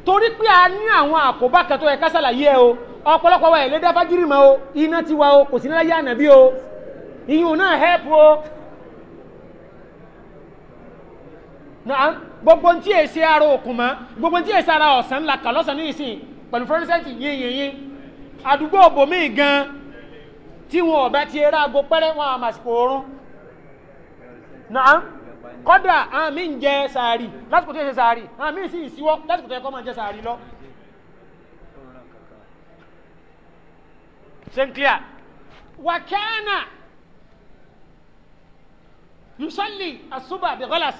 torí pé a ní àwọn àkóbá kan tó yẹ ká ṣàlàyé ẹ o ọ̀pọ̀lọpọ̀ wa ẹ̀lẹ́dá fájírì mọ́ o iná ti wa o kò sí níláyé ànàbí o ìyún náà hẹ́pù o gbogbo tí è ṣe ara òkun mọ́ gbogbo tí è ṣe ara ọ̀sán la kà lọ́sàn ní ìsìn pẹ̀lú fẹ́rẹ́sẹ̀ntì yìnyínyín àdúgbò òbòmí gan tí wọn ọ̀bẹ ti ra ago pẹ́rẹ́ wọn àmàsìkò kọ́dà àmì ń jẹ sàárì lásìkò tó yẹ ṣe sàárì àmì sì ń síwọ́ lásìkò tó yẹ kọ́ máa jẹ sàárì lọ. sinclair wakana yusalli asuba bi gọlas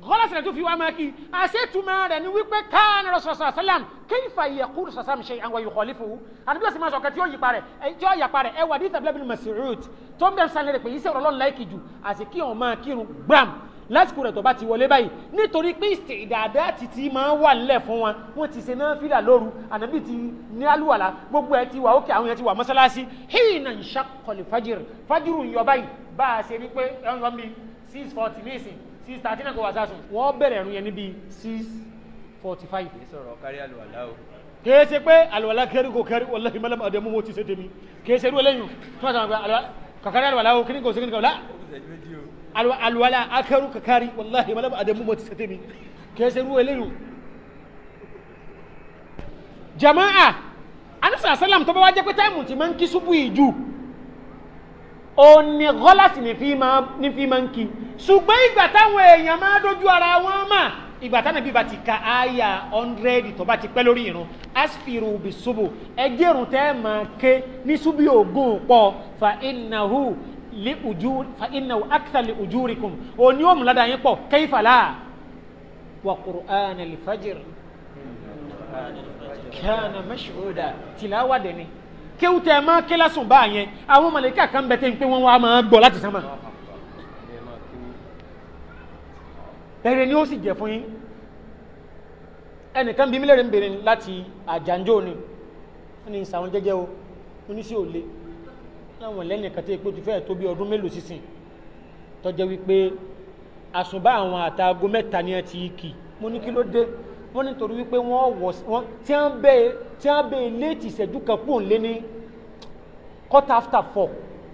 gọlas rẹ tó fi wá máa kí àṣetuma rẹ ni wípé káàní rọṣọṣọ sálàm kéfà yẹkúrú sàsàm ṣe àwọn ìkọlífò àdúgbò sì máa sọ kẹtí ó yípa rẹ tí ó yàpa rẹ ẹ wà ní tàbílẹ́bìnrin masirut tó ń bẹ̀rù sálẹ̀ rẹ pé yìí sẹ́wọ̀n lọ́nà láìkì jù àṣekí ọ̀ma kírun gbàm lásìkò rẹ̀ tó bá ti wọlé báyìí nítorí pé ìsìdàdá títí máa ń wà nílẹ̀ fún wọn wọn ti ṣe náà fìlà lóru ànábì ti ní àlùwàlà gbogbo ẹ ti wà òkè àwọn yẹn ti wà mọ́sálásí hìnà ìṣàkọlẹ̀ fájìrì fájìrì ń yọ báyìí bá a ṣe wípé ẹ̀ ń yọ mi six forty ní ìsìn six thirty náà kò wá sásùn wọ́n bẹ̀rẹ̀ ẹ̀rùn yẹn níbi six forty five. kì í sọ̀rọ̀ kárí àlùwàlá o kìí ṣe pé àlùwàlá kẹrí kò kẹrí wallahi mẹ́lẹ̀ mọ́ àdẹ́mú mo ti ṣe tèmi kìí ṣe irú eléyìí tó wà sàn kàkàrí àlùwàlá o kí kò sí kí kò lá alwala akaru ka kari wallahi malam adamu mata satami ke sai ruwa lilu jama'a anasa salam tó bá wá jẹ́ pé táìmù tí máa ń kí ṣubú ìjú òní gọ́lásì ní fi máa ń kí ṣùgbọ́n ìgbà táwọn èèyàn máa dojú ara wọn mà ìgbà táwọn ibi bá ti ka àyà 100 tó bá ti pẹ́ lórí ìrun asfiru bi ṣubú ẹgbẹ́rún tẹ́ máa ké ní ṣubú ògùn pọ̀ fa innahu li ujur fa inna wa akthar li ujurikum o ni o mulada yin po kayfa la wa qur'an al fajr kana mashhuda tilawa deni kéwù tẹ máa ké lásùn bá yẹn àwọn mọ̀lẹ́kà kan bẹ̀ tẹ́ ń pé wọ́n wá máa gbọ́ láti sánmà bẹ̀rẹ̀ ni ó sì jẹ́ fún yín ẹnìkan bí mílẹ̀rin bèèrè láti àjànjó ni wọ́n ni ìsàwọn jẹ́jẹ́ o oníṣẹ́ òle láwọn lẹ́yìn kan tó yẹ pé ó ti fẹ́ tó bí ọdún mélòó sísìn tó jẹ́ wípé àsùnbà àwọn àtàgó mẹ́ta ni ẹ ti kì mo ní kí ló dé wọ́n nítorí wípé wọ́n wọ̀ tí wọ́n bẹ́ tí wọ́n bẹ́ léètì ìṣẹ́jú kan pò ń lé ní quarter after four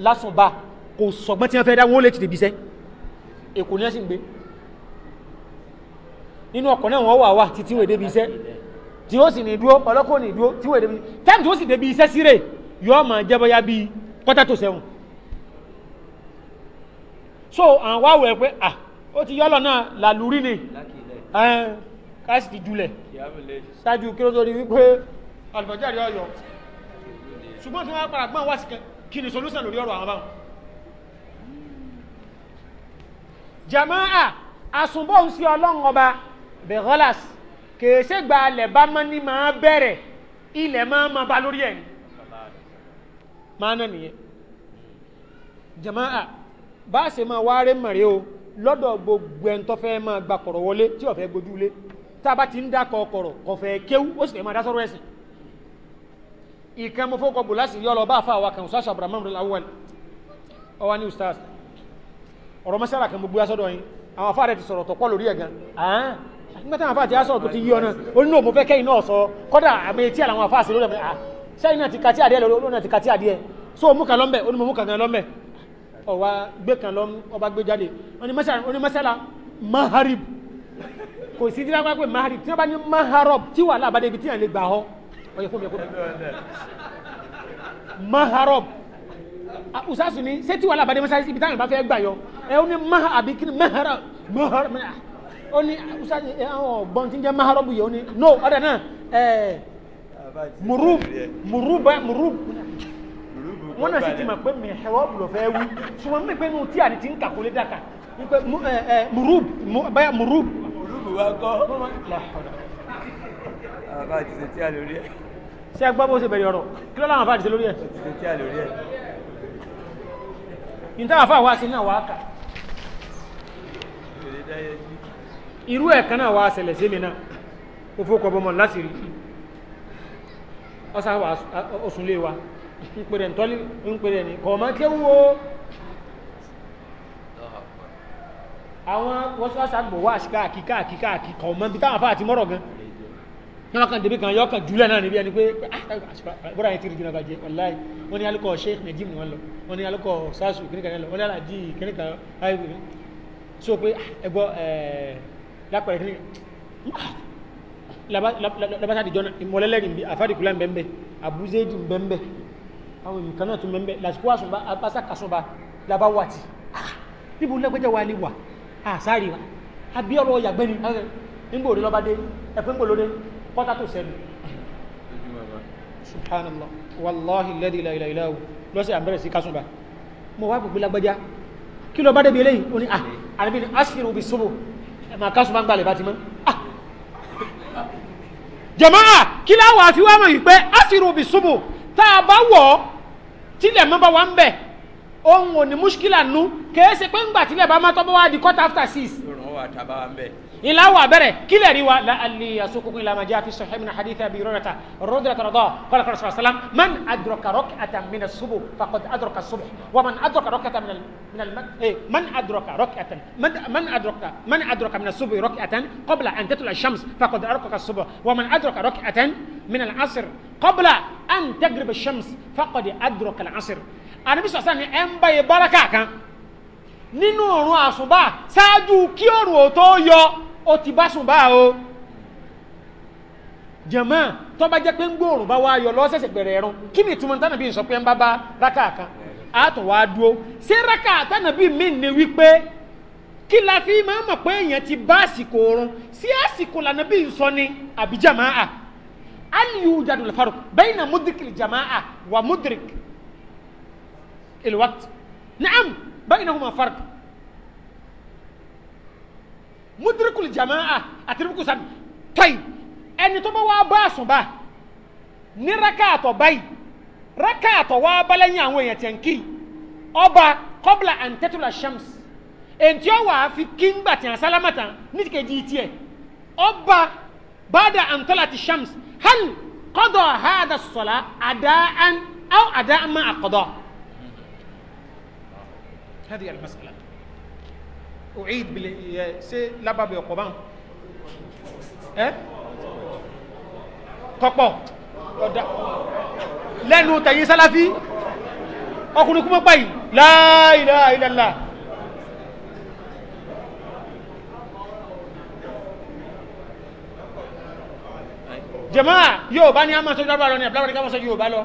lásùnbà kò sọ̀gbọ́n tí wọ́n fẹ́ dá wọ́n léètì dèbí iṣẹ́ èkó ni wọ́n sì ń gbé nínú ọkọ̀ náà wọ́n wà wà títí wèé débi tí ó sì ní dúró ọlọ́kọ̀ ní dúró tí wèé débi iṣẹ́ tí sì débi iṣẹ́ síre yóò máa jẹ́ bọ́yá bíi quarter to seven so àwọn wá wẹ̀ pé ah ó ti yọ́lọ̀ náà làlúrí ni káàsì ti dulẹ̀ ṣáájú kí ló tó di wípé alùpàjáde ọyọ ṣùgbọ́n tí wọ́n para gbọ́n wá sí kí ni solution lórí ọ̀rọ̀ àwọn báwọn jamaa àsùnbọ̀ ń sí ọlọ́run ọba bẹ̀rọ́lás kèéṣe gba alẹ̀ bá mọ́ ní máa bẹ̀rẹ̀ ilẹ̀ máa ma ba lórí ẹ̀yìn máa nìyẹn jama'a bá ṣe máa wáre mẹ́rẹ́ o lọ́dọ̀ gbogbo ẹni tó fẹ́ máa gba kọ̀rọ̀ wọlé tí ó fẹ́ gbójú lé tá a bá ti ń dá kọ kọ̀rọ̀ kò fẹ́ kéwú ó sì fẹ́ máa dá sọ́rọ̀ ẹ̀sìn ìkan mo fọ́kọ̀ bò láti yọ lọ bá àfa àwọn kan ṣáṣà abdulrahman rẹ lawal ọwọ́ ní ustaz ọ̀rọ̀ mọ́sára kan gbogbo asọ́dọ̀ yín àwọn afáàrẹ ti sọ̀rọ̀ tọ̀pọ̀ lórí ẹ̀gan àán nígbà táwọn afáà ti á sọ̀rọ̀ tó ti yí ọ náà ó ní òun fẹ́ kẹ́yìn náà sọ kọ́dà àmì etí àwọn afáà sí lórí ẹ̀mí sẹ́yìn náà ti kàtí àdíẹ̀ lọ́rọ̀ olóòrùn ti kàtí àdíẹ̀ so mú kan lọ́mbẹ̀ onímọ̀ mú kan gan lọ́mbẹ̀ ọ̀wá gbé kan lọ́m ọba gbé jáde onímọ̀sálà maharib kò sí tí wọ́n pè maharib tí wọ́n bá ní maharob tí wà láàbàdé ibi tí yàn lè gbà họ maharob usasu ni ṣé tí wà láàbàdé mọ́sálásí ibi táwọn bá fẹ́ gbà yọ ẹ ó ní maha kí ni maharob maharob ó ní usasu ọgbọ́n tí ń jẹ́ maharob yìí ó ní no ọ̀dà náà ẹ̀ẹ́ mùrúb mùrúb eh, mùrúb wọn náà sì ti mọ̀ pé mihrab ló fẹ́ wí ṣùgbọ́n mi pé inú tí àdìtí ń kà kó lé dàkà wípé mùrúb eh, eh, báyà mùrúb. mùrúb wa kọ́ àbá ti ṣe tí a lórí ẹ̀. ṣé ẹ gbọ́ bó ṣe bẹ̀rẹ̀ ọ̀rọ̀ kí ló láwọn àfa ti ọsáwà ọsùnlé wa ń pèrè ń tọ́lé ń pèrè ní kọ̀ọ̀mọ́ kí ó wo àwọn wọ́sàgbọ̀ wà sí káàkì káàkì káàkì kọ̀ọ̀mọ́ bí táwọn fáà ti mọ́rọ̀ gan ní wọ́n kàn débi kan yọ́ kàn jùlẹ̀ náà níbi ẹni pé ah, bọ́dà yẹn ti rí jìnnà bàjẹ́ ọ̀láì wọ́n ní alukọ̀ sheikh najim ni wọ́n lọ wọ́n ní alukọ̀ sasu kìnìkan lọ wọ́n ní alaji kìnìkan ayé so pé ah, ẹgbọ́ ẹ̀ẹ́ lápẹ̀rẹ̀ kìnìkan labasadi jọna mọlẹlẹrin bi afarikula bẹnbẹ abuzedi bẹnbẹ àwọn èèyàn kan náà tún bẹnbẹ lásìkò àsùnba abasa kasunba laba wati níbo lẹgbẹjẹ wa lè wà àsáre ah àbí ọ̀rọ̀ yàgbẹ ni nígbò òde lọba dé ẹpẹ ńgbò lóde kọta tó sẹnu. subhanallah wàláhi lẹ́dí ilà ilà ilà o lọ́sẹ̀ àbẹ̀rẹ̀ sí kasunba mo wá gbogbo lágbájá kí lọ́ba débi eléyìí ó ní à àdébí ni asiru bi sobo ẹ̀ máa kasunba ń gbalẹ̀ bá ti mọ́ ah jẹ̀mọ́à kí láwọn àfi wá mọ̀ yìí pé asiru bi subu tá a bá wọ̀ ọ́ tílẹ̀ mọ́ bá wà ń bẹ̀ ohun ò ní muskila nu kèé ṣe pé ńgbà tílẹ̀ bá má tọ́ bá wá di quarter after six. ìrànwọ́ àtàbá wa ń bẹ̀. إلا وابره كلا روا لعلي يسوقكم إلى ما جاء في صحيح من حديث أبي هريرة رضي الله عنه قال قال صلى الله عليه وسلم من أدرك ركعة من الصبح فقد أدرك الصبح ومن أدرك ركعة من ال... من الم... إيه؟ من أدرك ركعة من من أدرك من أدرك من الصبح ركعة قبل أن تطلع الشمس فقد أدرك الصبح ومن أدرك ركعة من العصر قبل أن تغرب الشمس فقد أدرك العصر النبي صلى الله عليه وسلم أنبأ بركة nínú òrùn àsùnbà ṣáájú kí òrùn ò tó yọ ó ti bá sùn báà o jẹ̀mọ́ tó bá jẹ́ pé ń gbòòrùn bá wá yọ lọ́sẹ̀sẹ̀ bẹ̀rẹ̀ ẹ̀rùn kí ni ìtumọ̀ tánàbí ń sọ pé ń bá bá rákà kan àtọ̀ wá dúó ṣé rákà tánàbí mi ni wípé kí la fi máa mọ̀ pé èèyàn ti bá àsìkò oorun sí àsìkò lànàbí ń sọ ni àbí jàmáà aliyu jadul farq bayna mudrik jama'a wa mudrik ilwakt na'am baynahuma farq mudirikul jamaa àtìrìkù sami tọ́yì ẹni tó bá wá bá àsùn bá ní rákàtọ̀ báyìí rákàtọ̀ wá balẹ̀yìn àwọn èèyàn tẹ̀ ń kí ọba kọ́bla àǹtẹ́tùlà shams èntì ọwọ́ àfi kíngbà tí a sálámàtà ní ti kejì tiẹ̀ ọba bada àǹtọ́là ti shams hal kọ́dọ̀ hada sọ̀la àdáhàn aw àdáhàn máa kọ́dọ̀. هذه المسألة ọ̀ẹ́d bìlẹ̀ ẹ̀ ṣe lábàbẹ̀ ọ̀pọ̀ báhùn ẹ́ tọ́pọ̀ ọ̀dá lẹ́nu tẹ̀yìn sálàfí ọkùnrin kú mọ́pá yìí la ilaha illallah jàmáà yóò bá ní a máa sọ jọ́bà lọ ní àbúláwọ̀ ní ká máa sọ yóò bá lọ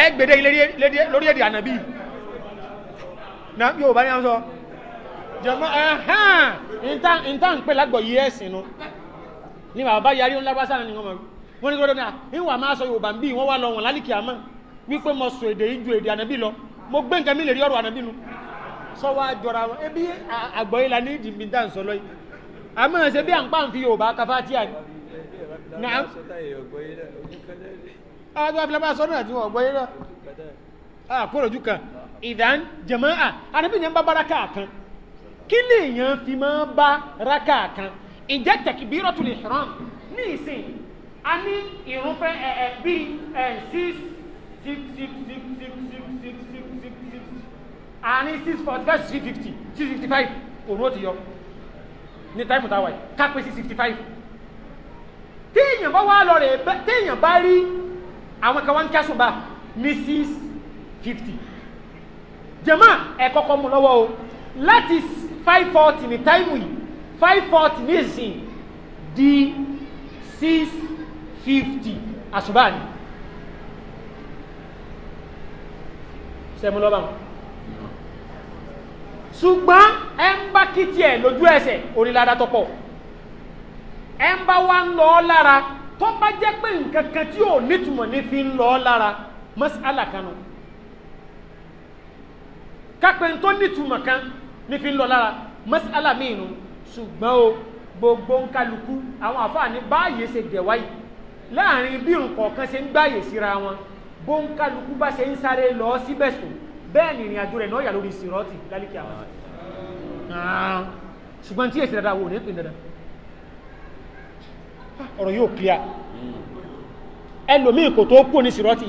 ẹ gbèdé lórí èdè ànàbí na yóò bá ní àwọn sọ jọmọ ẹhán ìta ń pè lágbọ̀ yí ẹ̀sìn nu ní bàbá yarí ó ń lágbá sáà ní wọn mọ̀ wọn ní gbọdọ̀ náà ìwà máa sọ Yorùbá ń bí wọn wá lọ wọn lálìkì àmọ́ wípé mo sọ èdè ìjù èdè ànábì lọ mo gbé nǹkan mi lè rí ọ̀rọ̀ ànábì nu sọ wá jọra wọn ebi àgbọ̀ yìí la ní ìdìbì dá ń sọ lọ yìí àmọ́ ṣe bí à ń pàǹfì àkúròjú ah, kan ìdán jàmáà anábì ní ń bá bá rákà kan kí lèèyàn fi máa bá rákà kan ìjẹ́ takbiratul ihram ní ìsìn a ní ìrúnfẹ́ ẹ̀ẹ́ bíi ẹ̀ six six six six six six six six six six àárín six forty five six fifty six fifty five òun ó ti yọ ní táìmù táwa yìí kápẹ́ six sixty five téèyàn bá wá lọ rẹ̀ téèyàn bá rí àwọn kan wá ń kásùn bá ní six 50. jẹ̀mọ́ ẹ̀ kọ́kọ́ mu lọ́wọ́ o láti five forty ní táìmù yìí five forty ní ìsìn di six fifty àṣùbà ni sẹ́mu lọ́ba mu ṣùgbọ́n ẹ ń bá kìtì ẹ̀ lójú ẹsẹ̀ orílẹ̀-èdè tọ́pọ̀ ẹ ń bá wa ń lọ lára tó bá jẹ́ pé nǹkan kan tí ò nítumọ̀ ní fi ń lọ lára mọ́sálà kanu kápẹ́ tó nítumọ̀ kan ní fi ń lọ lára masala mi ṣùgbọ́n o gbogbo ń kálukú àwọn àfáàní báyè se dẹ̀wáyì láàrin bí nǹkan kan ṣe ń gbáyè síra wọn bó ń kálukú bá ṣe ń sáré lọ síbẹ̀ sùn bẹ́ẹ̀ ni ìrìn àjò rẹ̀ náà yà lórí sírọ́ọ̀tì lálẹ́kì àwọn ṣùgbọ́n tí èsì dáadáa wò ní pè dáadáa ọ̀rọ̀ yóò clear hmm. ẹlòmíì kò tó kú ní sírọ́ọ̀tì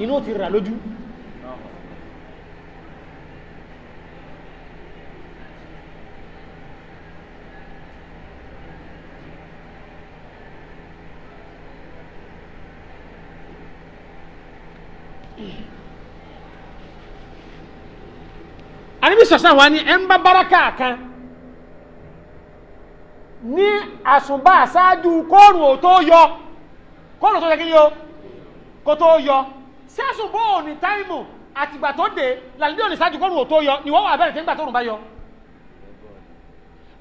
sọ̀sán wa ni ẹ̀ ń kan ní àsùnbà ṣáájú kóòrùn ò tó yọ kóòrùn tó yẹ ni o kó tó yọ sí àsùnbà ò ní táìmù àtìgbà tó dé làlídé ò ní ṣáájú kóòrùn ò tó yọ ni wọ́n wà bẹ̀rẹ̀ tí ń gbà tóòrùn bá yọ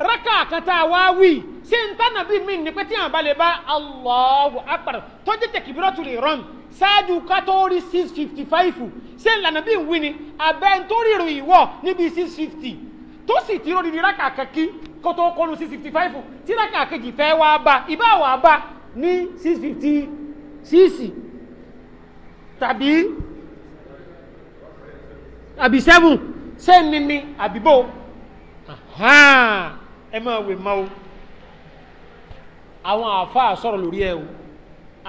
raka kan tá a wá wí ṣé ń tànà bí mi ní pé tí àwọn balẹ̀ Allahu akbar tó jẹ́ tẹ̀kìbírọ̀tù lè rọrùn ṣáájú ká tó rí six fifty five ṣé ìlànà bí ìwí ni abẹ́ ń tó rírun ìwọ̀ níbi six fifty tó sì ti rọ́ọ̀dì rákà kẹ́kí kó tó kọ́nu six fifty five tí rákà kejì fẹ́ wá bá ìbá wà bá ní six fifty six tàbí àbí seven ṣé ni ni àbíbò ẹ máa wè máa o àwọn àáfàá sọ̀rọ̀ lórí ẹ o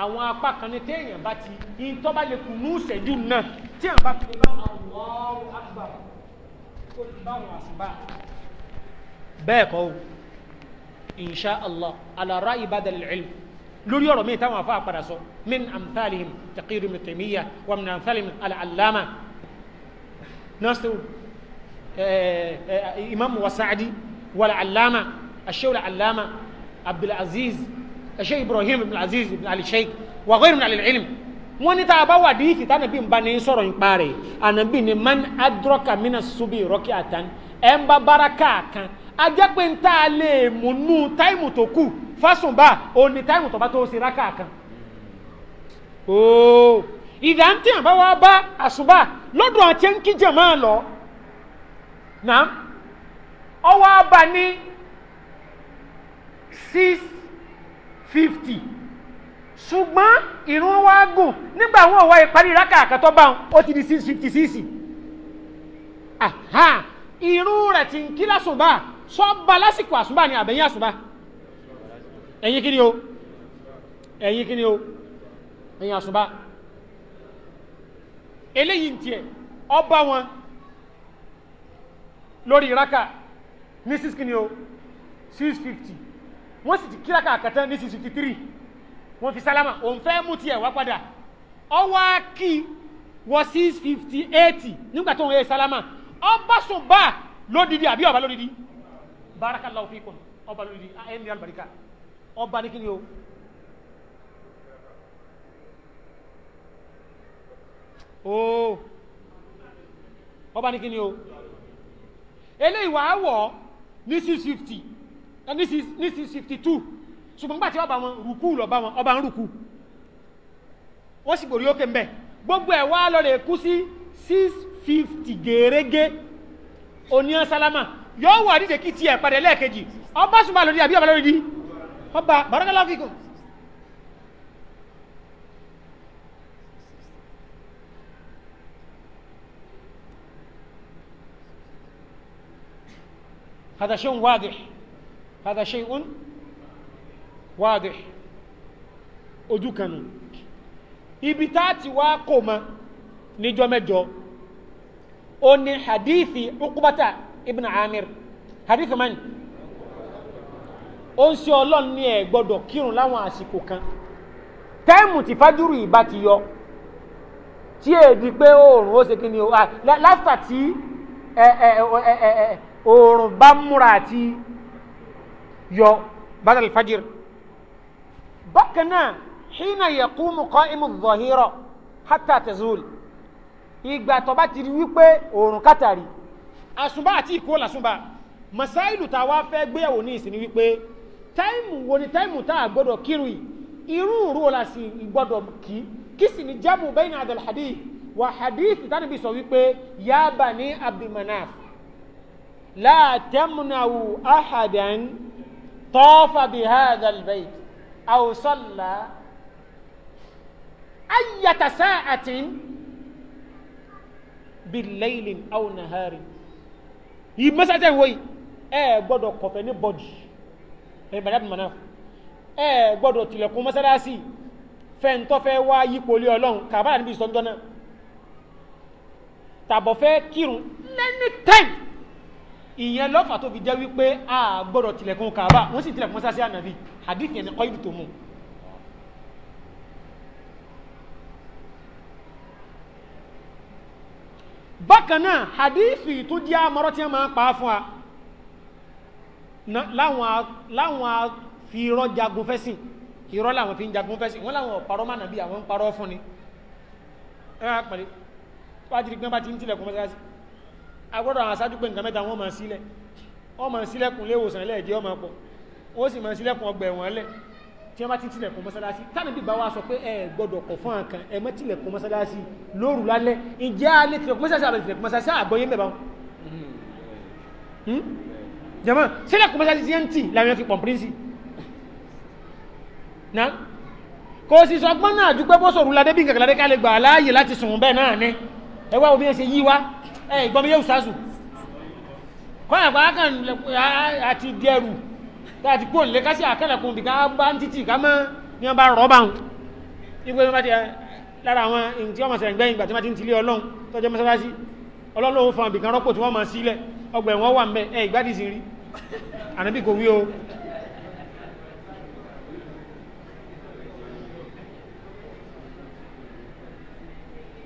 àwọn apá kan ní téèyàn bá ti yín tó bá lè kù ní ìṣẹ́jú náà tí àwọn bá fi lè bá Allahu Akbar ó ti bá wọn àsìbá bẹ́ẹ̀ kọ́ o insha allah alara ibada al-ilm lórí ọ̀rọ̀ míì táwọn afá padà sọ min amthalihim taqir ibn Taymiyyah wa min amthalihim al-allama nasiru eh, eh, imam wasaadi wal-allama ash-shaykh al abdulaziz الشيخ ابراهيم بن عزيز بن علي الشيخ وغير من اهل العلم wọ́n ní tá a bá wà díìtì tánàbí ń bá ní sọ̀rọ̀ ń parẹ́ ànàbí ni man adrọ́kà mina subi rọ́kì àtàn ẹ̀ ń bá bára káàkan ajẹ́ pé ń tá a lè mú nú táìmù tó kù fásùnbà òun ni táìmù tó bá tó ṣe rá káàkan. ooo ìdá ń tí àbá wa bá àṣùbà lọ́dọ̀ àti ń kíjẹ̀ máa lọ náà ọwọ́ abá ní six fifty ṣùgbọ́n ìrún wa gùn nígbà wọn wá ìparí rákà àkàtọ́ bá wọn ó ti di six fifty six ìrún rẹ̀ ti ń kí lásùnbà sọ́ba lásìkò àsùnbà ni àbẹ̀yìn àsùnbà ẹ̀yin kí ni o ẹ̀yin kí ni o ẹ̀yin àsùnbà eléyìí tiẹ̀ ọba wọn lórí rákà ní six kí ni o six fifty wọ́n sì ti kíra kàkàtà ní six fifty three wọ́n fi sálámà òun fẹ́ mú tiẹ̀ wá padà ọwọ́ kí wọ six fifty eight nígbà tó ń yẹ sálámà ọba sùnbà lódìdí àbí ọba lódìdí barakallahu fikum ọba lódìdí ẹni albarika ọba ní kíni o. ooo ọba ní kíni o eléyìí wàá wọ̀ ní six fifty ní six fifty two ṣùgbọ́n gbàtí ọba wọn rùkú lọ́ba wọn ọba ń rùkú wọ́n sì gòrí òkè mbẹ́ gbogbo ẹ̀ wá lọ́rẹ̀ kú sí six fifty gẹ́rẹ́gẹ́ oníyan sálámà yóò wà dídè kí tiẹ̀ padà lẹ́ẹ̀kejì ọba ṣùgbọ́n lórí àbí ọba di ọba barakala fíkùn. هذا شيء واضح هذا شيء واضح ojú kan nù ibi tá a ti wá kò mọ níjọ́ mẹ́jọ ó ní hadithi ukubata ibn amir hadithi man ó ń ṣe ọlọ́run ní ẹ̀ gbọ́dọ̀ kírun láwọn àsìkò kan tẹ́ẹ̀mù tí fájúrù ìbá ti yọ tí èdè pé oòrùn ó ṣe kí ni ah, láfíà tí oòrùn bá múra àti yọ bàtà alfajir bákan náà hina yaqumu qa'imu dhahira hatta tazul ìgbà tó bá ti rí wípé oòrùn kátàrí àsùnbà àti ìkó làsùnbà masailu tá a wá fẹ́ gbéyàwó ní ìsìn wípé táìmù wo ni táìmù tá a gbọ́dọ̀ kírù yìí irú òru ọ̀la sì gbọ́dọ̀ kí kí sì ni jábù bayna hadal hadith wà hadith tánibí sọ wípé ya bani abdulmanaf la tamnawu ahadan طاف بهذا البيت أو صلى أية ساعة بالليل أو نهار يمسألة وي ẹ gbọ́dọ̀ kọfẹ ní bọdì ẹ bàdá bìmọ náà ẹ gbọ́dọ̀ tilẹ̀kùn mọ́sálásí fẹntọfẹ wá yípo lé Ọlọ́run kàbáyà níbi ìsọńtọ náà tàbọfẹ kírun lẹni tẹyìn ìyẹn lọ́fà tó fi jẹ́ wípé a gbọ́dọ̀ tilẹ̀kùn kàbá wọ́n sì tilẹ̀kùn mọ́sásí ànàbí hadith yẹn ni kọ́ ìdù tó mú bákan náà hadithi tó jẹ́ amọ́rọ́ tí wọ́n máa ń pa á fún wa láwọn fi irọ́ jagun fẹ́sìn irọ́ làwọn fi ń jagun fẹ́sìn wọ́n láwọn ọ̀parọ́ mánàbí àwọn ń parọ́ fún ni ẹ wá pẹ̀lú wájú gbọ́n bá ti ń tilẹ̀kùn mọ́sásí agbọ́dọ̀ àwọn aṣáájú pé nǹkan mẹ́ta wọ́n máa sílẹ̀ wọ́n máa sílẹ̀kùn léwòsàn lẹ́ẹ̀jẹ́ ọmọ pọ̀ ó sì máa sílẹ̀kùn ọgbà ẹ̀wọ̀n lẹ̀ tí wọ́n bá ti tilẹ̀kùn mọ́sálásí tánà bí bá wá sọ pé ẹ gbọ́dọ̀ kọ̀ fún àkàn ẹ mọ́ tilẹ̀kùn mọ́sálásí lóru lálẹ́ ìjẹ́ alẹ́ tilẹ̀kùn mọ́sálásí àbẹ̀ tilẹ̀kùn mọ́sálásí àgbọ́yé mẹ́ba wọn. Hmm? jẹ́mọ́ sílẹ̀kùn mọ́sálásí ti ń tì láwọn fi pọ̀n pírínsì. kò sì sọgbọ́n náà dúpẹ́ bó sòrùn ládé bí nǹkan kan ládé ká lè gbà láàyè láti ẹ wá wo bí ẹ ṣe yí wá ẹ gbọ́n mi yóò sásù kọ́nà pa ákàn àti dẹrù tá a ti kó nílé kásì àkànlẹ̀kùn bìkan bá ń títì ká mọ́ ní wọn bá rọ́bà ń ipò ìwé bàtí lára àwọn èyí tí wọ́n mọ̀ sẹ̀rẹ̀ gbẹ̀yìn ìgbà tí wọ́n ti ń tilé ọlọ́run tọ́jọ́ mọ́sálásí ọlọ́run fún àbìkan rọ́pò tí wọ́n mọ̀ sílẹ̀ ọgbà ẹ̀wọ̀n wà ń bẹ ẹ̀ ìgbádìí sí rí ànábì kò wí o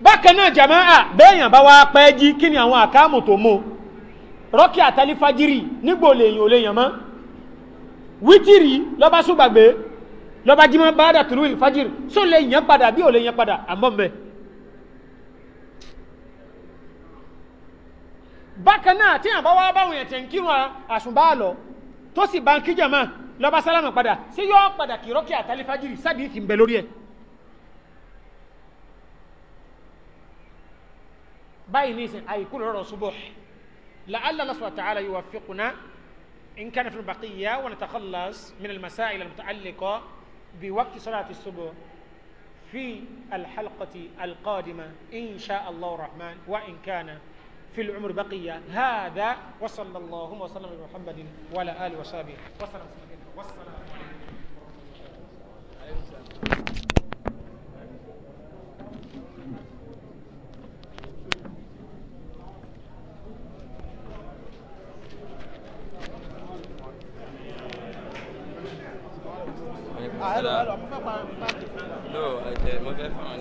bákan náà jàmáà bẹ́ẹ̀yàn bá wá pẹ́ jí kí ni àwọn àkáàmù tó mú rọ́kì àtàlífàjírì nígbò lèyìn ò lèyàn mọ́ wítìrì lọ́ba súgbàgbé lọ́ba jímọ́ bá dà tùrú ìfàjírì só lèyàn padà bí ò lèyàn padà àmọ́ mẹ́ bákan náà tí àwọn bá wá báwọn èèyàn tẹ̀ ń kírun àṣùbá lọ tó sì bá ń kí jàmáà lọ́ba padà sí yóò padà kì rọ́kì àtàlífàjírì sábì ìfìǹbẹ̀ lórí ẹ̀ باي بايليز اي كل رؤى صبح لعل الله سبحانه وتعالى يوفقنا ان كان في البقيه ونتخلص من المسائل المتعلقه بوقت صلاه الصبح في الحلقه القادمه ان شاء الله الرحمن وان كان في العمر بقيه هذا وصلى الله وسلم على محمد وعلى اله وصحبه وسلم وسلم عليكم ورحمه الله وبركاته no, mo fẹ́ fà